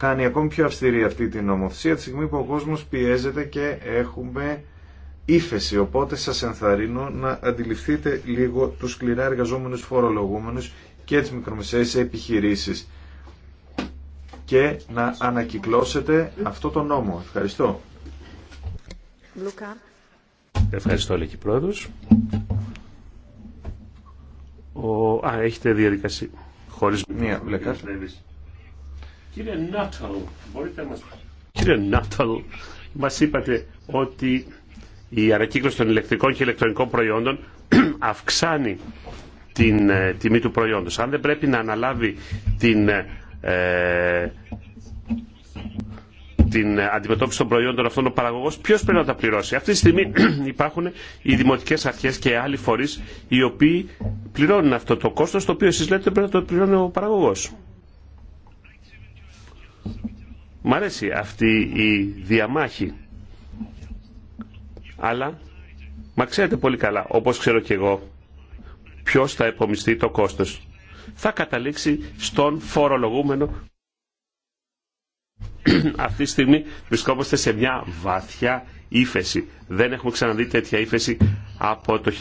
κάνει ακόμη πιο αυστηρή αυτή την νομοθεσία τη στιγμή που ο κόσμος πιέζεται και έχουμε ύφεση. Οπότε σας ενθαρρύνω να αντιληφθείτε λίγο τους σκληρά εργαζόμενου φορολογούμενους και τις μικρομεσαίες επιχειρήσεις και να ανακυκλώσετε αυτό το νόμο. Ευχαριστώ. Ευχαριστώ, Λεκή Πρόεδρο. Ο... Α, έχετε διαδικασία. Χωρίς... Μία, Κύριε Νάταλ, μπορείτε μας... Κύριε μας είπατε ότι η ανακύκλωση των ηλεκτρικών και ηλεκτρονικών προϊόντων αυξάνει την ε, τιμή του προϊόντος. Αν δεν πρέπει να αναλάβει την, ε, την αντιμετώπιση των προϊόντων αυτών ο παραγωγός, ποιος πρέπει να τα πληρώσει. Αυτή τη στιγμή υπάρχουν οι δημοτικές αρχές και άλλοι φορείς οι οποίοι πληρώνουν αυτό το κόστος το οποίο εσείς λέτε πρέπει να το πληρώνει ο παραγωγός. Μ' αρέσει αυτή η διαμάχη. Αλλά, μα ξέρετε πολύ καλά, όπως ξέρω και εγώ, ποιος θα επομιστεί το κόστος. Θα καταλήξει στον φορολογούμενο. Αυτή τη στιγμή βρισκόμαστε σε μια βαθιά ύφεση. Δεν έχουμε ξαναδεί τέτοια ύφεση από το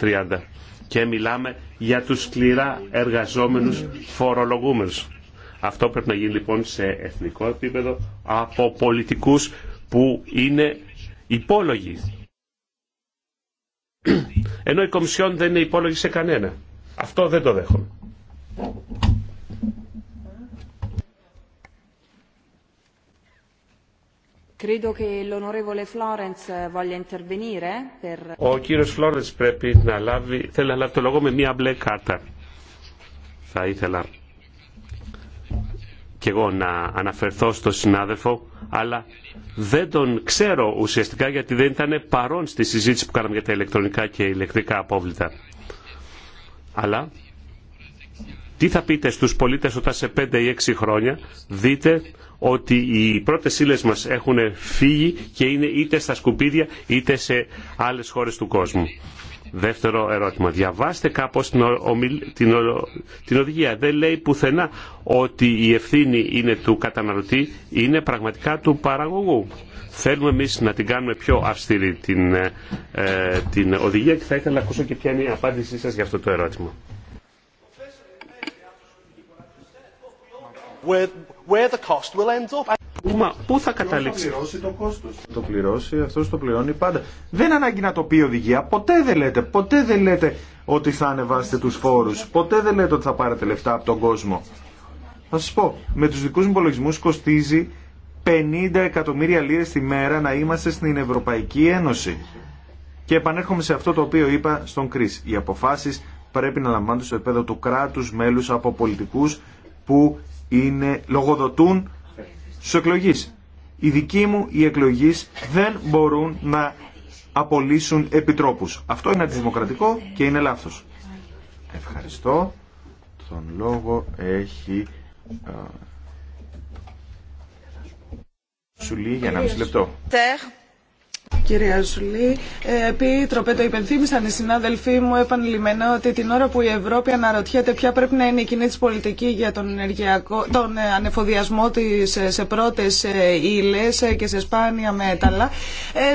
1930. Και μιλάμε για τους σκληρά εργαζόμενους φορολογούμενους. Αυτό πρέπει να γίνει λοιπόν σε εθνικό επίπεδο από πολιτικούς που είναι υπόλογοι. Ενώ η Κομισιόν δεν είναι υπόλογη σε κανένα. Αυτό δεν το δέχομαι. Ο κύριος Φλόρεντς πρέπει να λάβει, θέλει να λάβει το λόγο με μία μπλε κάρτα. Θα ήθελα και εγώ να αναφερθώ στο συνάδελφο, αλλά δεν τον ξέρω ουσιαστικά γιατί δεν ήταν παρόν στη συζήτηση που κάναμε για τα ηλεκτρονικά και ηλεκτρικά απόβλητα. Αλλά τι θα πείτε στους πολίτες όταν σε πέντε ή έξι χρόνια δείτε ότι οι πρώτες ύλε μας έχουν φύγει και είναι είτε στα σκουπίδια είτε σε άλλες χώρες του κόσμου. Δεύτερο ερώτημα. Διαβάστε κάπως την, την, οδηγία. Δεν λέει πουθενά ότι η ευθύνη είναι του καταναλωτή, είναι πραγματικά του παραγωγού. Θέλουμε εμείς να την κάνουμε πιο αυστηρή την, ε, ε, την οδηγία και θα ήθελα να ακούσω και ποια είναι η απάντησή σας για αυτό το ερώτημα where the cost will end up. πού θα καταλήξει. Το το κόστος. Το πληρώσει, αυτός το πληρώνει πάντα. Δεν ανάγκη να το πει η οδηγία. Ποτέ δεν λέτε, ποτέ δεν λέτε ότι θα ανεβάσετε τους φόρους. Ποτέ δεν λέτε ότι θα πάρετε λεφτά από τον κόσμο. Θα σας πω, με τους δικούς μου υπολογισμούς κοστίζει 50 εκατομμύρια λίρες τη μέρα να είμαστε στην Ευρωπαϊκή Ένωση. Και επανέρχομαι σε αυτό το οποίο είπα στον Κρίς. Οι αποφάσεις πρέπει να λαμβάνονται στο επίπεδο του κράτους μέλους από πολιτικούς που είναι, λογοδοτούν στους εκλογείς. Οι δικοί μου οι εκλογείς δεν μπορούν να απολύσουν επιτρόπους. Αυτό είναι αντιδημοκρατικό και είναι λάθος. Ευχαριστώ. Τον λόγο έχει... Ε, Σουλή για ένα μισή λεπτό. Κυρία Ζουλή, ε, τροπέ το υπενθύμησαν οι συνάδελφοί μου επανειλημμένα ότι την ώρα που η Ευρώπη αναρωτιέται ποια πρέπει να είναι η κοινή τη πολιτική για τον, ενεργειακό, τον ε, ανεφοδιασμό τη ε, σε πρώτε ύλε και σε σπάνια μέταλλα,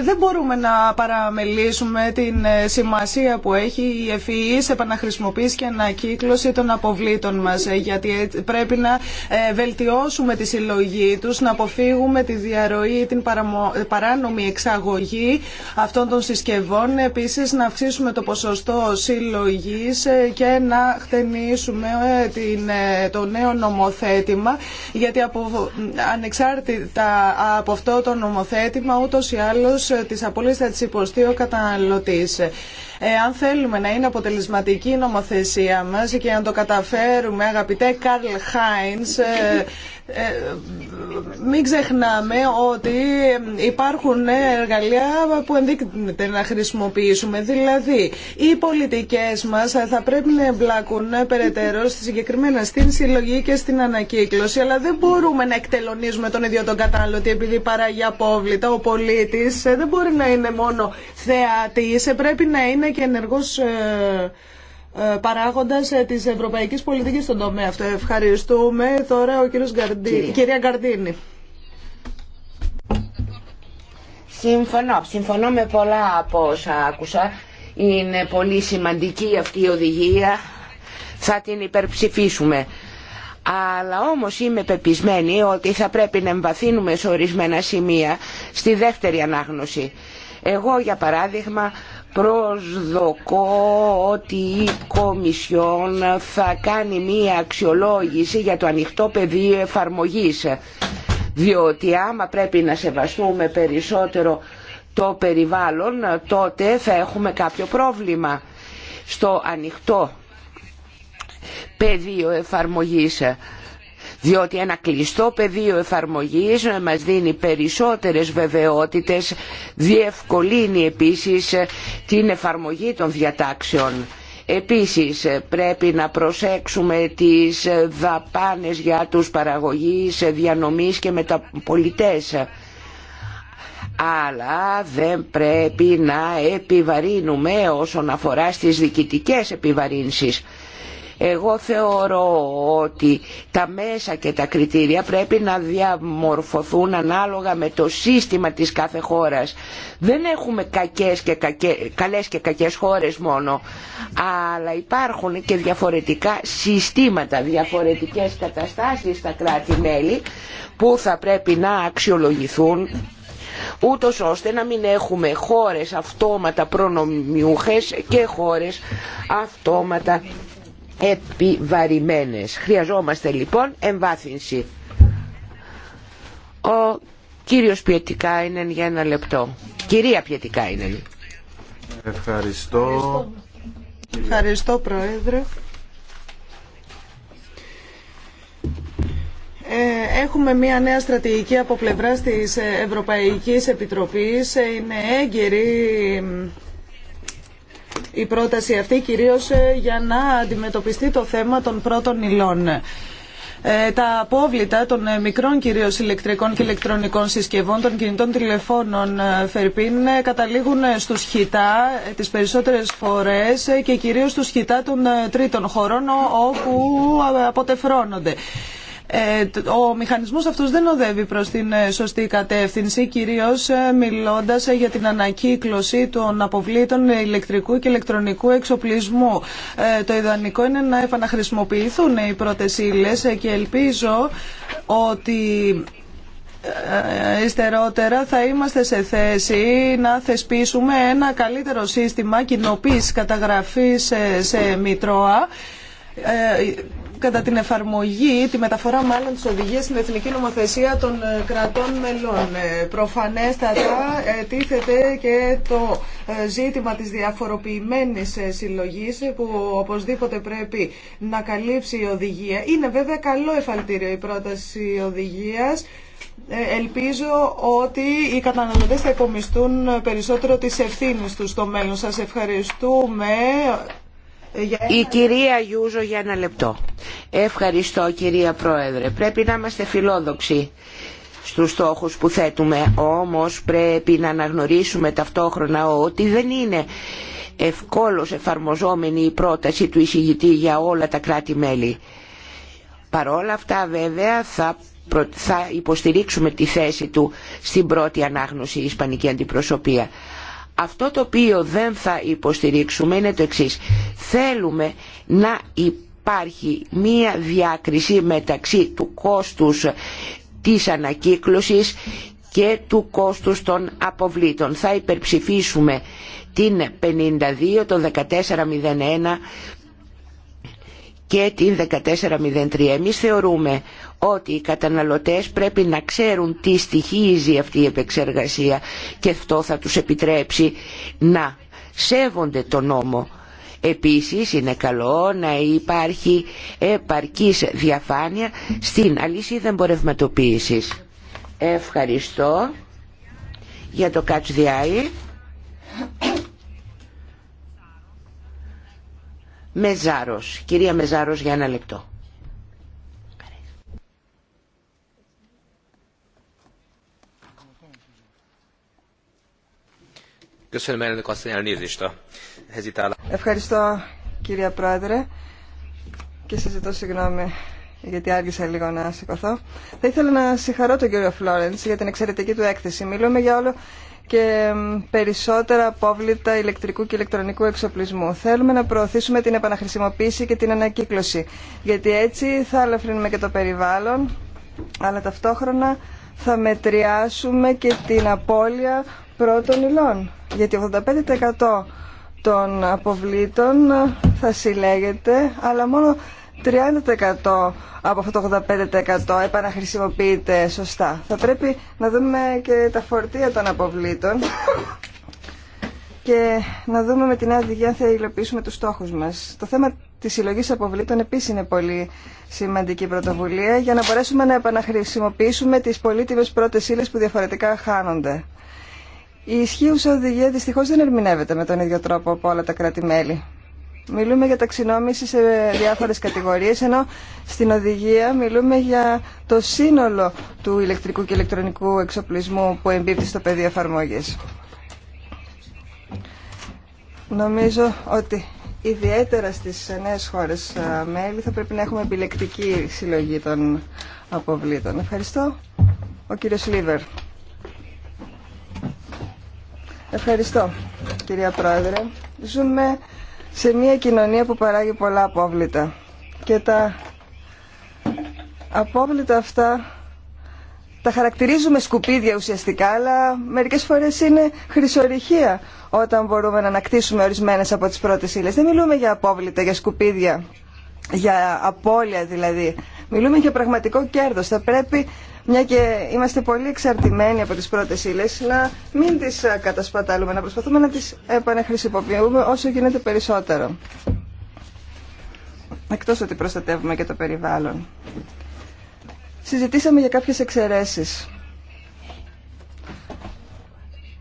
δεν μπορούμε να παραμελήσουμε την σημασία που έχει η ευφυή επαναχρησιμοποίηση και ανακύκλωση των αποβλήτων μα. Γιατί πρέπει να βελτιώσουμε τη συλλογή του, να αποφύγουμε τη διαρροή, την παράνομη εξαγωγή αυτών των συσκευών. Επίσης να αυξήσουμε το ποσοστό συλλογής ε, και να χτενίσουμε ε, την, ε, το νέο νομοθέτημα γιατί από, ανεξάρτητα από αυτό το νομοθέτημα ούτως ή άλλως τις απολύσεις θα τις υποστεί ο καταναλωτής. Αν θέλουμε να είναι αποτελεσματική η νομοθεσία μας και να το καταφέρουμε, αγαπητέ Καρλ Χάινς, μην ξεχνάμε ότι υπάρχουν εργαλεία που ενδείκνεται να χρησιμοποιήσουμε. Δηλαδή, οι πολιτικέ μα θα πρέπει να εμπλακούν περαιτέρω συγκεκριμένα στην συλλογή και στην ανακύκλωση, αλλά δεν μπορούμε να εκτελονίζουμε τον ίδιο τον ότι επειδή παράγει απόβλητα. Ο πολίτη ε, δεν μπορεί να είναι μόνο θεατής, ε, πρέπει να είναι και ενεργός ε, παράγοντα τη ευρωπαϊκή πολιτική στον τομέα αυτό. Ευχαριστούμε. Τώρα ο κύριος Γκαρντίνη. Κυρία Γκαρντίνη. Συμφωνώ. Συμφωνώ με πολλά από όσα άκουσα. Είναι πολύ σημαντική αυτή η οδηγία. Θα την υπερψηφίσουμε. Αλλά όμως είμαι πεπισμένη ότι θα πρέπει να εμβαθύνουμε σε ορισμένα σημεία στη δεύτερη ανάγνωση. Εγώ για παράδειγμα προσδοκώ ότι η Κομισιόν θα κάνει μία αξιολόγηση για το ανοιχτό πεδίο εφαρμογής διότι άμα πρέπει να σεβαστούμε περισσότερο το περιβάλλον τότε θα έχουμε κάποιο πρόβλημα στο ανοιχτό πεδίο εφαρμογής διότι ένα κλειστό πεδίο εφαρμογής μας δίνει περισσότερες βεβαιότητες διευκολύνει επίσης την εφαρμογή των διατάξεων Επίσης πρέπει να προσέξουμε τις δαπάνες για τους παραγωγείς, διανομής και μεταπολιτές. Αλλά δεν πρέπει να επιβαρύνουμε όσον αφορά στις διοικητικές επιβαρύνσεις εγώ θεωρώ ότι τα μέσα και τα κριτήρια πρέπει να διαμορφωθούν ανάλογα με το σύστημα της κάθε χώρας. Δεν έχουμε κακές και κακέ καλές και κακές χώρες μόνο, αλλά υπάρχουν και διαφορετικά συστήματα, διαφορετικές καταστάσεις στα κράτη-μέλη που θα πρέπει να αξιολογηθούν ούτως ώστε να μην έχουμε χώρες αυτόματα προνομιούχες και χώρες αυτόματα επιβαρημένες. Χρειαζόμαστε λοιπόν εμβάθυνση. Ο κύριος Πιετικά είναι για ένα λεπτό. Κυρία Πιετικά είναι. Ευχαριστώ. Ευχαριστώ Πρόεδρε. Ε, έχουμε μία νέα στρατηγική από πλευράς της Ευρωπαϊκής Επιτροπής. Είναι έγκαιρη η πρόταση αυτή κυρίως ε, για να αντιμετωπιστεί το θέμα των πρώτων υλών ε, τα απόβλητα των ε, μικρών κυρίω ηλεκτρικών και ηλεκτρονικών συσκευών, των κινητών τηλεφώνων Φερπίν, καταλήγουν στους χιτά τις περισσότερες φορές και κυρίως στους χιτά των τρίτων χωρών όπου αποτεφρώνονται. Ε, ο μηχανισμός αυτός δεν οδεύει προς την ε, σωστή κατεύθυνση, κυρίως ε, μιλώντας για την ανακύκλωση των αποβλήτων ηλεκτρικού και ηλεκτρονικού εξοπλισμού. το ιδανικό είναι να επαναχρησιμοποιηθούν οι πρώτες ύλες και ελπίζω ότι Ιστερότερα θα είμαστε σε θέση να θεσπίσουμε ένα καλύτερο σύστημα κοινοποίησης καταγραφής σε, σε Μητρώα κατά την εφαρμογή, τη μεταφορά μάλλον της οδηγίας στην εθνική νομοθεσία των ε, κρατών μελών. Ε, προφανέστατα ε, τίθεται και το ζήτημα της διαφοροποιημένης συλλογής που οπωσδήποτε πρέπει να καλύψει η οδηγία. Είναι βέβαια καλό εφαλτήριο η πρόταση οδηγίας. Ελπίζω ότι οι καταναλωτές θα υπομιστούν περισσότερο τις ευθύνες τους στο μέλλον. Σας ευχαριστούμε. Η κυρία Γιούζο για ένα λεπτό. Ευχαριστώ κυρία Πρόεδρε. Πρέπει να είμαστε φιλόδοξοι στους στόχους που θέτουμε. Όμως πρέπει να αναγνωρίσουμε ταυτόχρονα ότι δεν είναι ευκόλως εφαρμοζόμενη η πρόταση του εισηγητή για όλα τα κράτη-μέλη. Παρόλα αυτά βέβαια θα θα υποστηρίξουμε τη θέση του στην πρώτη ανάγνωση η Ισπανική Αντιπροσωπεία. Αυτό το οποίο δεν θα υποστηρίξουμε είναι το εξής. Θέλουμε να υπάρχει μία διάκριση μεταξύ του κόστους της ανακύκλωσης και του κόστους των αποβλήτων. Θα υπερψηφίσουμε την 52, το 1401 και την 1403. Εμείς θεωρούμε ότι οι καταναλωτές πρέπει να ξέρουν τι στοιχίζει αυτή η επεξεργασία και αυτό θα τους επιτρέψει να σέβονται τον νόμο. Επίσης είναι καλό να υπάρχει επαρκής διαφάνεια στην αλυσίδα εμπορευματοποίηση. Ευχαριστώ για το Catch the Μεζάρος. Κυρία Μεζάρος για ένα λεπτό. Ευχαριστώ κυρία Πρόεδρε και σας ζητώ συγγνώμη γιατί άργησα λίγο να σηκωθώ. Θα ήθελα να συγχαρώ τον κύριο Φλόρεντς για την εξαιρετική του έκθεση. Μιλούμε για όλο και περισσότερα απόβλητα ηλεκτρικού και ηλεκτρονικού εξοπλισμού. Θέλουμε να προωθήσουμε την επαναχρησιμοποίηση και την ανακύκλωση, γιατί έτσι θα αλαφρύνουμε και το περιβάλλον, αλλά ταυτόχρονα θα μετριάσουμε και την απώλεια πρώτων υλών, γιατί 85% των αποβλήτων θα συλλέγεται, αλλά μόνο 30% από αυτό το 85% επαναχρησιμοποιείται σωστά. Θα πρέπει να δούμε και τα φορτία των αποβλήτων και να δούμε με την νέα οδηγία αν θα υλοποιήσουμε τους στόχους μας. Το θέμα της συλλογή αποβλήτων επίσης είναι πολύ σημαντική πρωτοβουλία για να μπορέσουμε να επαναχρησιμοποιήσουμε τις πολύτιμες πρώτες ύλες που διαφορετικά χάνονται. Η ισχύουσα οδηγία δυστυχώς δεν ερμηνεύεται με τον ίδιο τρόπο από όλα τα κράτη-μέλη. Μιλούμε για ταξινόμηση σε διάφορες κατηγορίες, ενώ στην οδηγία μιλούμε για το σύνολο του ηλεκτρικού και ηλεκτρονικού εξοπλισμού που εμπίπτει στο πεδίο εφαρμογή. Νομίζω ότι ιδιαίτερα στις νέες χώρες μέλη θα πρέπει να έχουμε επιλεκτική συλλογή των αποβλήτων. Ευχαριστώ. Ο κύριος Λίβερ. Ευχαριστώ, κυρία Πρόεδρε. Ζούμε σε μια κοινωνία που παράγει πολλά απόβλητα. Και τα απόβλητα αυτά τα χαρακτηρίζουμε σκουπίδια ουσιαστικά, αλλά μερικές φορές είναι χρυσορυχία όταν μπορούμε να ανακτήσουμε ορισμένες από τις πρώτες ύλες. Δεν μιλούμε για απόβλητα, για σκουπίδια, για απώλεια δηλαδή. Μιλούμε για πραγματικό κέρδος. Θα πρέπει μια και είμαστε πολύ εξαρτημένοι από τις πρώτες ύλες, να μην τις κατασπατάλουμε, να προσπαθούμε να τις επαναχρησιμοποιούμε όσο γίνεται περισσότερο. Εκτός ότι προστατεύουμε και το περιβάλλον. Συζητήσαμε για κάποιες εξαιρέσεις.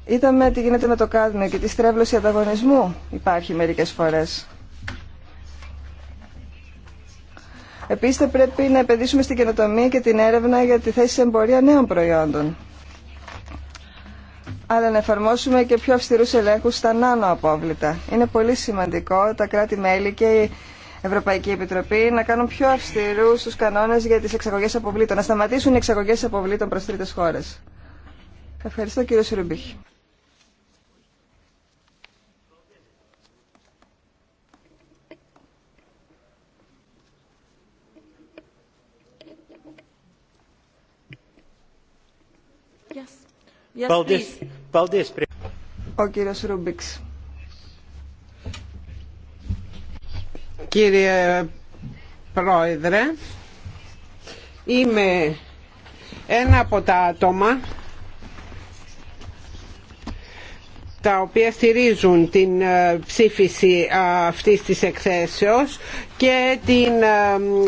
Είδαμε τι γίνεται με το κάδμιο και τη στρέβλωση ανταγωνισμού υπάρχει μερικές φορές. Επίση θα πρέπει να επενδύσουμε στην καινοτομία και την έρευνα για τη θέση σε εμπορία νέων προϊόντων. Αλλά να εφαρμόσουμε και πιο αυστηρούς ελέγχους στα νάνο απόβλητα. Είναι πολύ σημαντικό τα κράτη-μέλη και η Ευρωπαϊκή Επιτροπή να κάνουν πιο αυστηρούς τους κανόνες για τις εξαγωγές αποβλήτων. Να σταματήσουν οι εξαγωγέ αποβλήτων προ τρίτες χώρε. Ευχαριστώ κύριο Σιρουμπίχη. Ο κύριος Ρούμπιξ. Κύριε Πρόεδρε, είμαι ένα από τα άτομα τα οποία στηρίζουν την ε, ψήφιση αυτής της εκθέσεως και την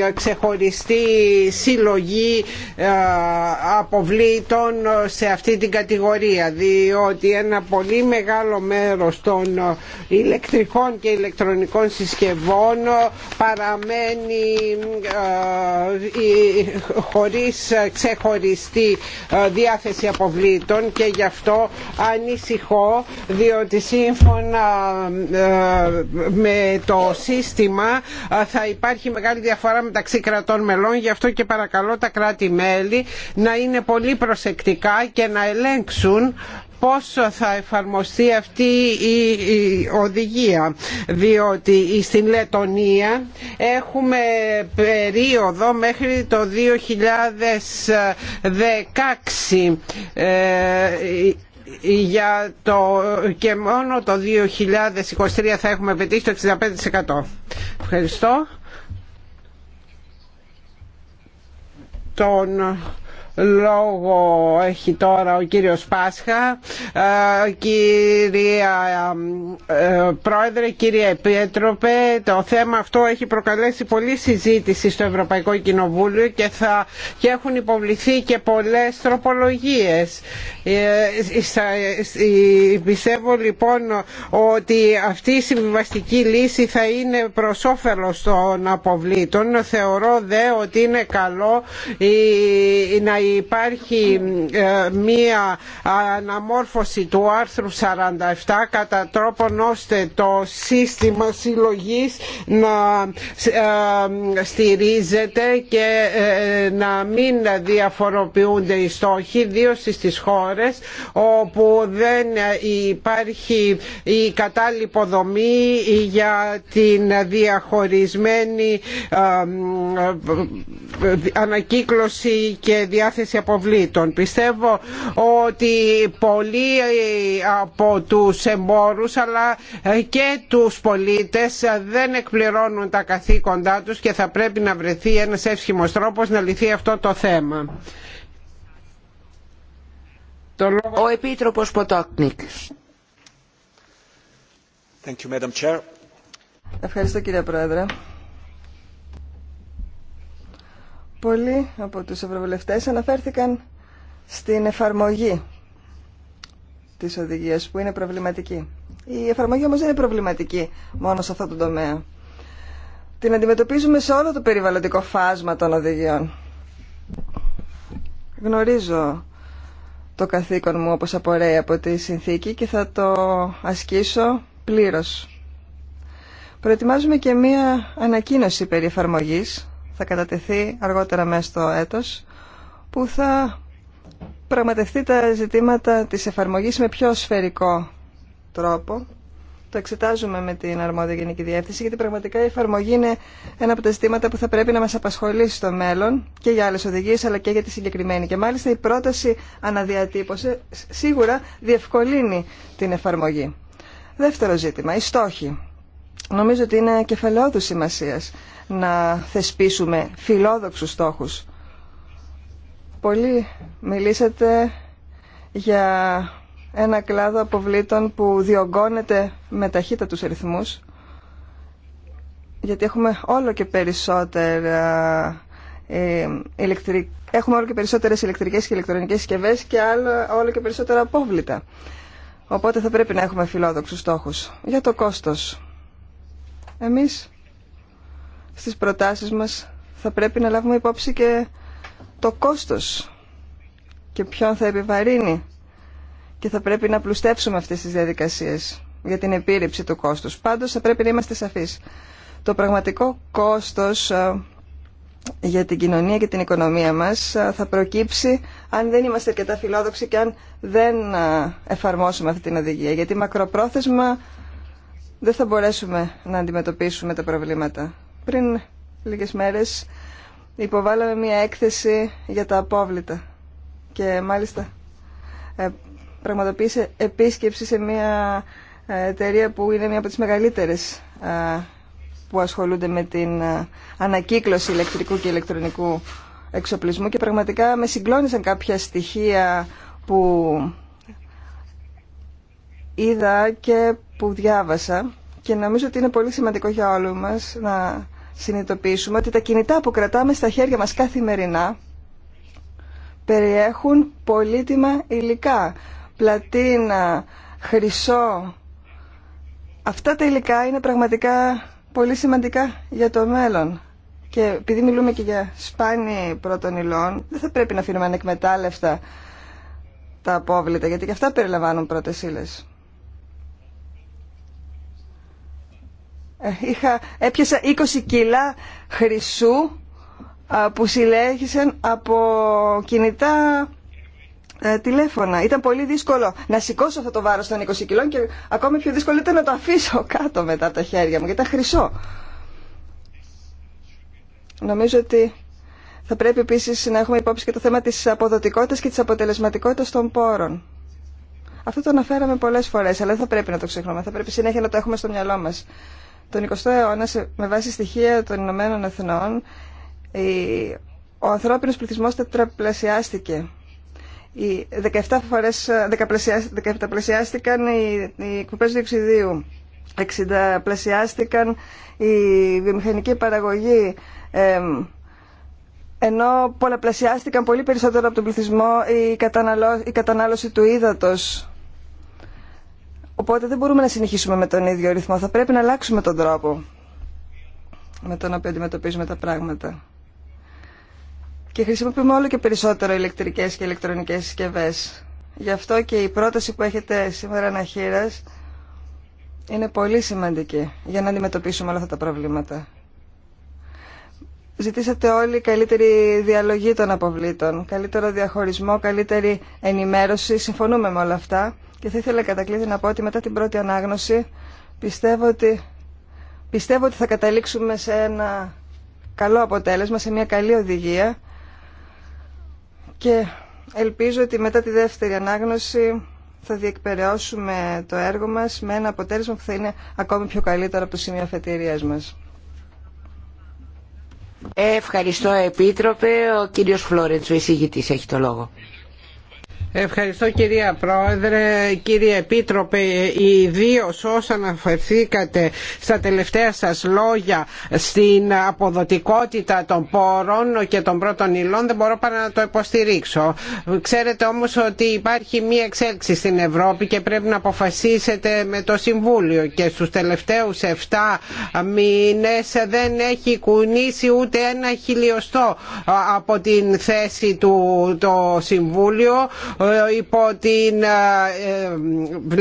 ε, ξεχωριστή συλλογή ε, αποβλήτων σε αυτή την κατηγορία διότι ένα πολύ μεγάλο μέρος των ηλεκτρικών και ηλεκτρονικών συσκευών παραμένει χωρίς ξεχωριστή διάθεση αποβλήτων και γι' αυτό ανησυχώ διότι σύμφωνα ε, με το σύστημα ε, θα υπάρχει μεγάλη διαφορά μεταξύ κρατών μελών γι' αυτό και παρακαλώ τα κράτη-μέλη να είναι πολύ προσεκτικά και να ελέγξουν πόσο θα εφαρμοστεί αυτή η οδηγία διότι στην Λετωνία έχουμε περίοδο μέχρι το 2016 για το, και μόνο το 2023 θα έχουμε πετύχει το 65%. Ευχαριστώ. Τον λόγο έχει τώρα ο κύριος Πάσχα. Ε, κυρία ε, Πρόεδρε, κύριε Επίτροπε, το θέμα αυτό έχει προκαλέσει πολλή συζήτηση στο Ευρωπαϊκό Κοινοβούλιο και, θα, έχουν υποβληθεί και πολλές τροπολογίες. Ε, πιστεύω λοιπόν ότι αυτή η συμβιβαστική λύση θα είναι προς όφελος των αποβλήτων. Θεωρώ δε ότι είναι καλό να υπάρχει ε, μία αναμόρφωση του άρθρου 47 κατά τρόπον ώστε το σύστημα συλλογής να ε, στηρίζεται και ε, να μην διαφοροποιούνται οι στόχοι ιδίω στις χώρες όπου δεν υπάρχει η κατάλληλη υποδομή για την διαχωρισμένη ανακύκλωση και διάθεση διάθεση αποβλήτων. Πιστεύω ότι πολλοί από τους εμπόρους αλλά και τους πολίτες δεν εκπληρώνουν τα καθήκοντά τους και θα πρέπει να βρεθεί ένας εύσχημος τρόπος να λυθεί αυτό το θέμα. Ο Επίτροπος Ποτόκνικ. Thank you, Madam Chair. Ευχαριστώ κύριε Πρόεδρε. Πολλοί από τους ευρωβουλευτές αναφέρθηκαν στην εφαρμογή της οδηγίας που είναι προβληματική. Η εφαρμογή όμως δεν είναι προβληματική μόνο σε αυτό το τομέα. Την αντιμετωπίζουμε σε όλο το περιβαλλοντικό φάσμα των οδηγιών. Γνωρίζω το καθήκον μου όπως απορρέει από τη συνθήκη και θα το ασκήσω πλήρως. Προετοιμάζουμε και μία ανακοίνωση περί εφαρμογής θα κατατεθεί αργότερα μέσα στο έτος που θα πραγματευτεί τα ζητήματα της εφαρμογής με πιο σφαιρικό τρόπο. Το εξετάζουμε με την αρμόδια γενική διεύθυνση γιατί πραγματικά η εφαρμογή είναι ένα από τα ζητήματα που θα πρέπει να μας απασχολήσει στο μέλλον και για άλλες οδηγίες αλλά και για τη συγκεκριμένη. Και μάλιστα η πρόταση αναδιατύπωση σίγουρα διευκολύνει την εφαρμογή. Δεύτερο ζήτημα, οι στόχοι. Νομίζω ότι είναι κεφαλαιόδου σημασία να θεσπίσουμε φιλόδοξους στόχους. Πολύ μιλήσατε για ένα κλάδο αποβλήτων που διωγγώνεται με ταχύτητα τους ρυθμούς γιατί έχουμε όλο και περισσότερα ε, έχουμε όλο και περισσότερες ηλεκτρικές και ηλεκτρονικές συσκευέ και άλλο, όλο και περισσότερα απόβλητα. Οπότε θα πρέπει να έχουμε φιλόδοξους στόχους. Για το κόστος. Εμείς στις προτάσεις μας θα πρέπει να λάβουμε υπόψη και το κόστος και ποιον θα επιβαρύνει και θα πρέπει να πλουστεύσουμε αυτές τις διαδικασίες για την επίρρηψη του κόστους. Πάντως θα πρέπει να είμαστε σαφείς. Το πραγματικό κόστος ε, για την κοινωνία και την οικονομία μας ε, θα προκύψει αν δεν είμαστε αρκετά φιλόδοξοι και αν δεν ε, εφαρμόσουμε αυτή την οδηγία. Γιατί μακροπρόθεσμα δεν θα μπορέσουμε να αντιμετωπίσουμε τα προβλήματα. Πριν λίγες μέρες υποβάλαμε μία έκθεση για τα απόβλητα και μάλιστα ε, πραγματοποίησε επίσκεψη σε μία ε, εταιρεία που είναι μία από τις μεγαλύτερες ε, που ασχολούνται με την ανακύκλωση ηλεκτρικού και ηλεκτρονικού εξοπλισμού και πραγματικά με συγκλώνησαν κάποια στοιχεία που είδα και που διάβασα και νομίζω ότι είναι πολύ σημαντικό για όλους μας να συνειδητοποιήσουμε ότι τα κινητά που κρατάμε στα χέρια μας καθημερινά περιέχουν πολύτιμα υλικά, πλατίνα, χρυσό. Αυτά τα υλικά είναι πραγματικά πολύ σημαντικά για το μέλλον. Και επειδή μιλούμε και για σπάνι πρώτων υλών, δεν θα πρέπει να αφήνουμε ανεκμετάλλευτα τα απόβλητα, γιατί και αυτά περιλαμβάνουν πρώτες ύλες. Ε, έπιασα 20 κιλά χρυσού που συλλέγησαν από κινητά ε, τηλέφωνα. Ήταν πολύ δύσκολο να σηκώσω αυτό το βάρος των 20 κιλών και ακόμη πιο δύσκολο ήταν να το αφήσω κάτω μετά από τα χέρια μου γιατί ήταν χρυσό. Νομίζω ότι θα πρέπει επίσης να έχουμε υπόψη και το θέμα της αποδοτικότητας και της αποτελεσματικότητας των πόρων. Αυτό το αναφέραμε πολλές φορές, αλλά δεν θα πρέπει να το ξεχνούμε. Θα πρέπει συνέχεια να το έχουμε στο μυαλό μας τον 20ο αιώνα, με βάση στοιχεία των Ηνωμένων Εθνών, ο ανθρώπινος πληθυσμός τετραπλασιάστηκε. Οι 17 φορές δεκαπλασιάστηκαν οι, οι του διοξιδίου, 60 πλασιάστηκαν η βιομηχανική παραγωγή, ενώ πολλαπλασιάστηκαν πολύ περισσότερο από τον πληθυσμό η, κατανάλωση του ύδατος Οπότε δεν μπορούμε να συνεχίσουμε με τον ίδιο ρυθμό. Θα πρέπει να αλλάξουμε τον τρόπο με τον οποίο αντιμετωπίζουμε τα πράγματα. Και χρησιμοποιούμε όλο και περισσότερο ηλεκτρικές και ηλεκτρονικές συσκευές. Γι' αυτό και η πρόταση που έχετε σήμερα χείρας είναι πολύ σημαντική για να αντιμετωπίσουμε όλα αυτά τα προβλήματα. Ζητήσατε όλοι καλύτερη διαλογή των αποβλήτων, καλύτερο διαχωρισμό, καλύτερη ενημέρωση. Συμφωνούμε με όλα αυτά και θα ήθελα κατακλείδη να πω ότι μετά την πρώτη ανάγνωση πιστεύω ότι, πιστεύω ότι θα καταλήξουμε σε ένα καλό αποτέλεσμα, σε μια καλή οδηγία και ελπίζω ότι μετά τη δεύτερη ανάγνωση θα διεκπαιρεώσουμε το έργο μας με ένα αποτέλεσμα που θα είναι ακόμη πιο καλύτερο από το σημείο αφετηρίας μας. Ευχαριστώ Επίτροπε. Ο κύριος Φλόρεντς, ο εισηγητής, έχει το λόγο. Ευχαριστώ κυρία Πρόεδρε, κύριε Επίτροπε, ιδίω όσον αναφερθήκατε στα τελευταία σας λόγια στην αποδοτικότητα των πόρων και των πρώτων υλών δεν μπορώ παρά να το υποστηρίξω. Ξέρετε όμως ότι υπάρχει μία εξέλιξη στην Ευρώπη και πρέπει να αποφασίσετε με το Συμβούλιο και στους τελευταίους 7 μήνες δεν έχει κουνήσει ούτε ένα χιλιοστό από την θέση του το Συμβούλιο υπό την ε,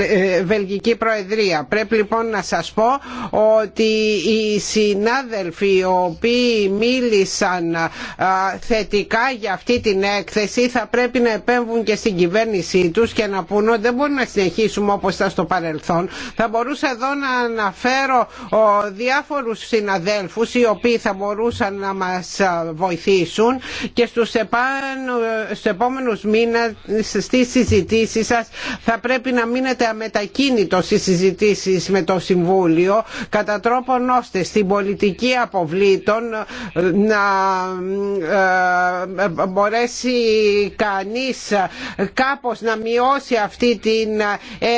ε, ε, Βελγική Προεδρία. Πρέπει λοιπόν να σας πω ότι οι συνάδελφοι οι οποίοι μίλησαν θετικά για αυτή την έκθεση θα πρέπει να επέμβουν και στην κυβέρνησή τους και να πούν ότι δεν μπορούμε να συνεχίσουμε όπως ήταν στο παρελθόν. Θα μπορούσα εδώ να αναφέρω διάφορους συναδέλφους οι οποίοι θα μπορούσαν να μας βοηθήσουν και στους επόμενους μήνες στις συζητήσεις σας θα πρέπει να μείνετε αμετακίνητο στις συζητήσεις με το Συμβούλιο κατά τρόπον ώστε στην πολιτική αποβλήτων ε, να ε, ε, μπορέσει κανείς κάπως να μειώσει αυτή την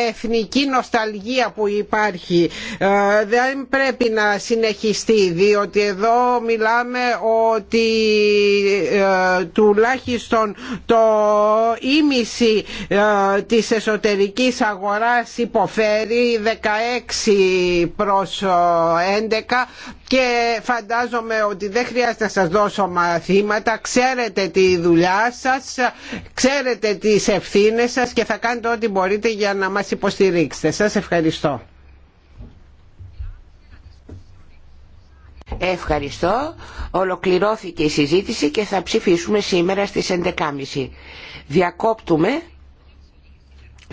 εθνική νοσταλγία που υπάρχει. Δεν πρέπει να συνεχιστεί διότι εδώ μιλάμε ότι τουλάχιστον το ίμι ε, της εσωτερικής αγοράς υποφέρει 16 προς 11 ε, και φαντάζομαι ότι δεν χρειάζεται να σας δώσω μαθήματα ξέρετε τη δουλειά σας ξέρετε τις ευθύνες σας και θα κάνετε ό,τι μπορείτε για να μας υποστηρίξετε σας ευχαριστώ Ευχαριστώ. Ολοκληρώθηκε η συζήτηση και θα ψηφίσουμε σήμερα στις 11.30. Διακόπτουμε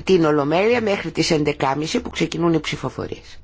την Ολομέλεια μέχρι τις 11.30 που ξεκινούν οι ψηφοφορίες.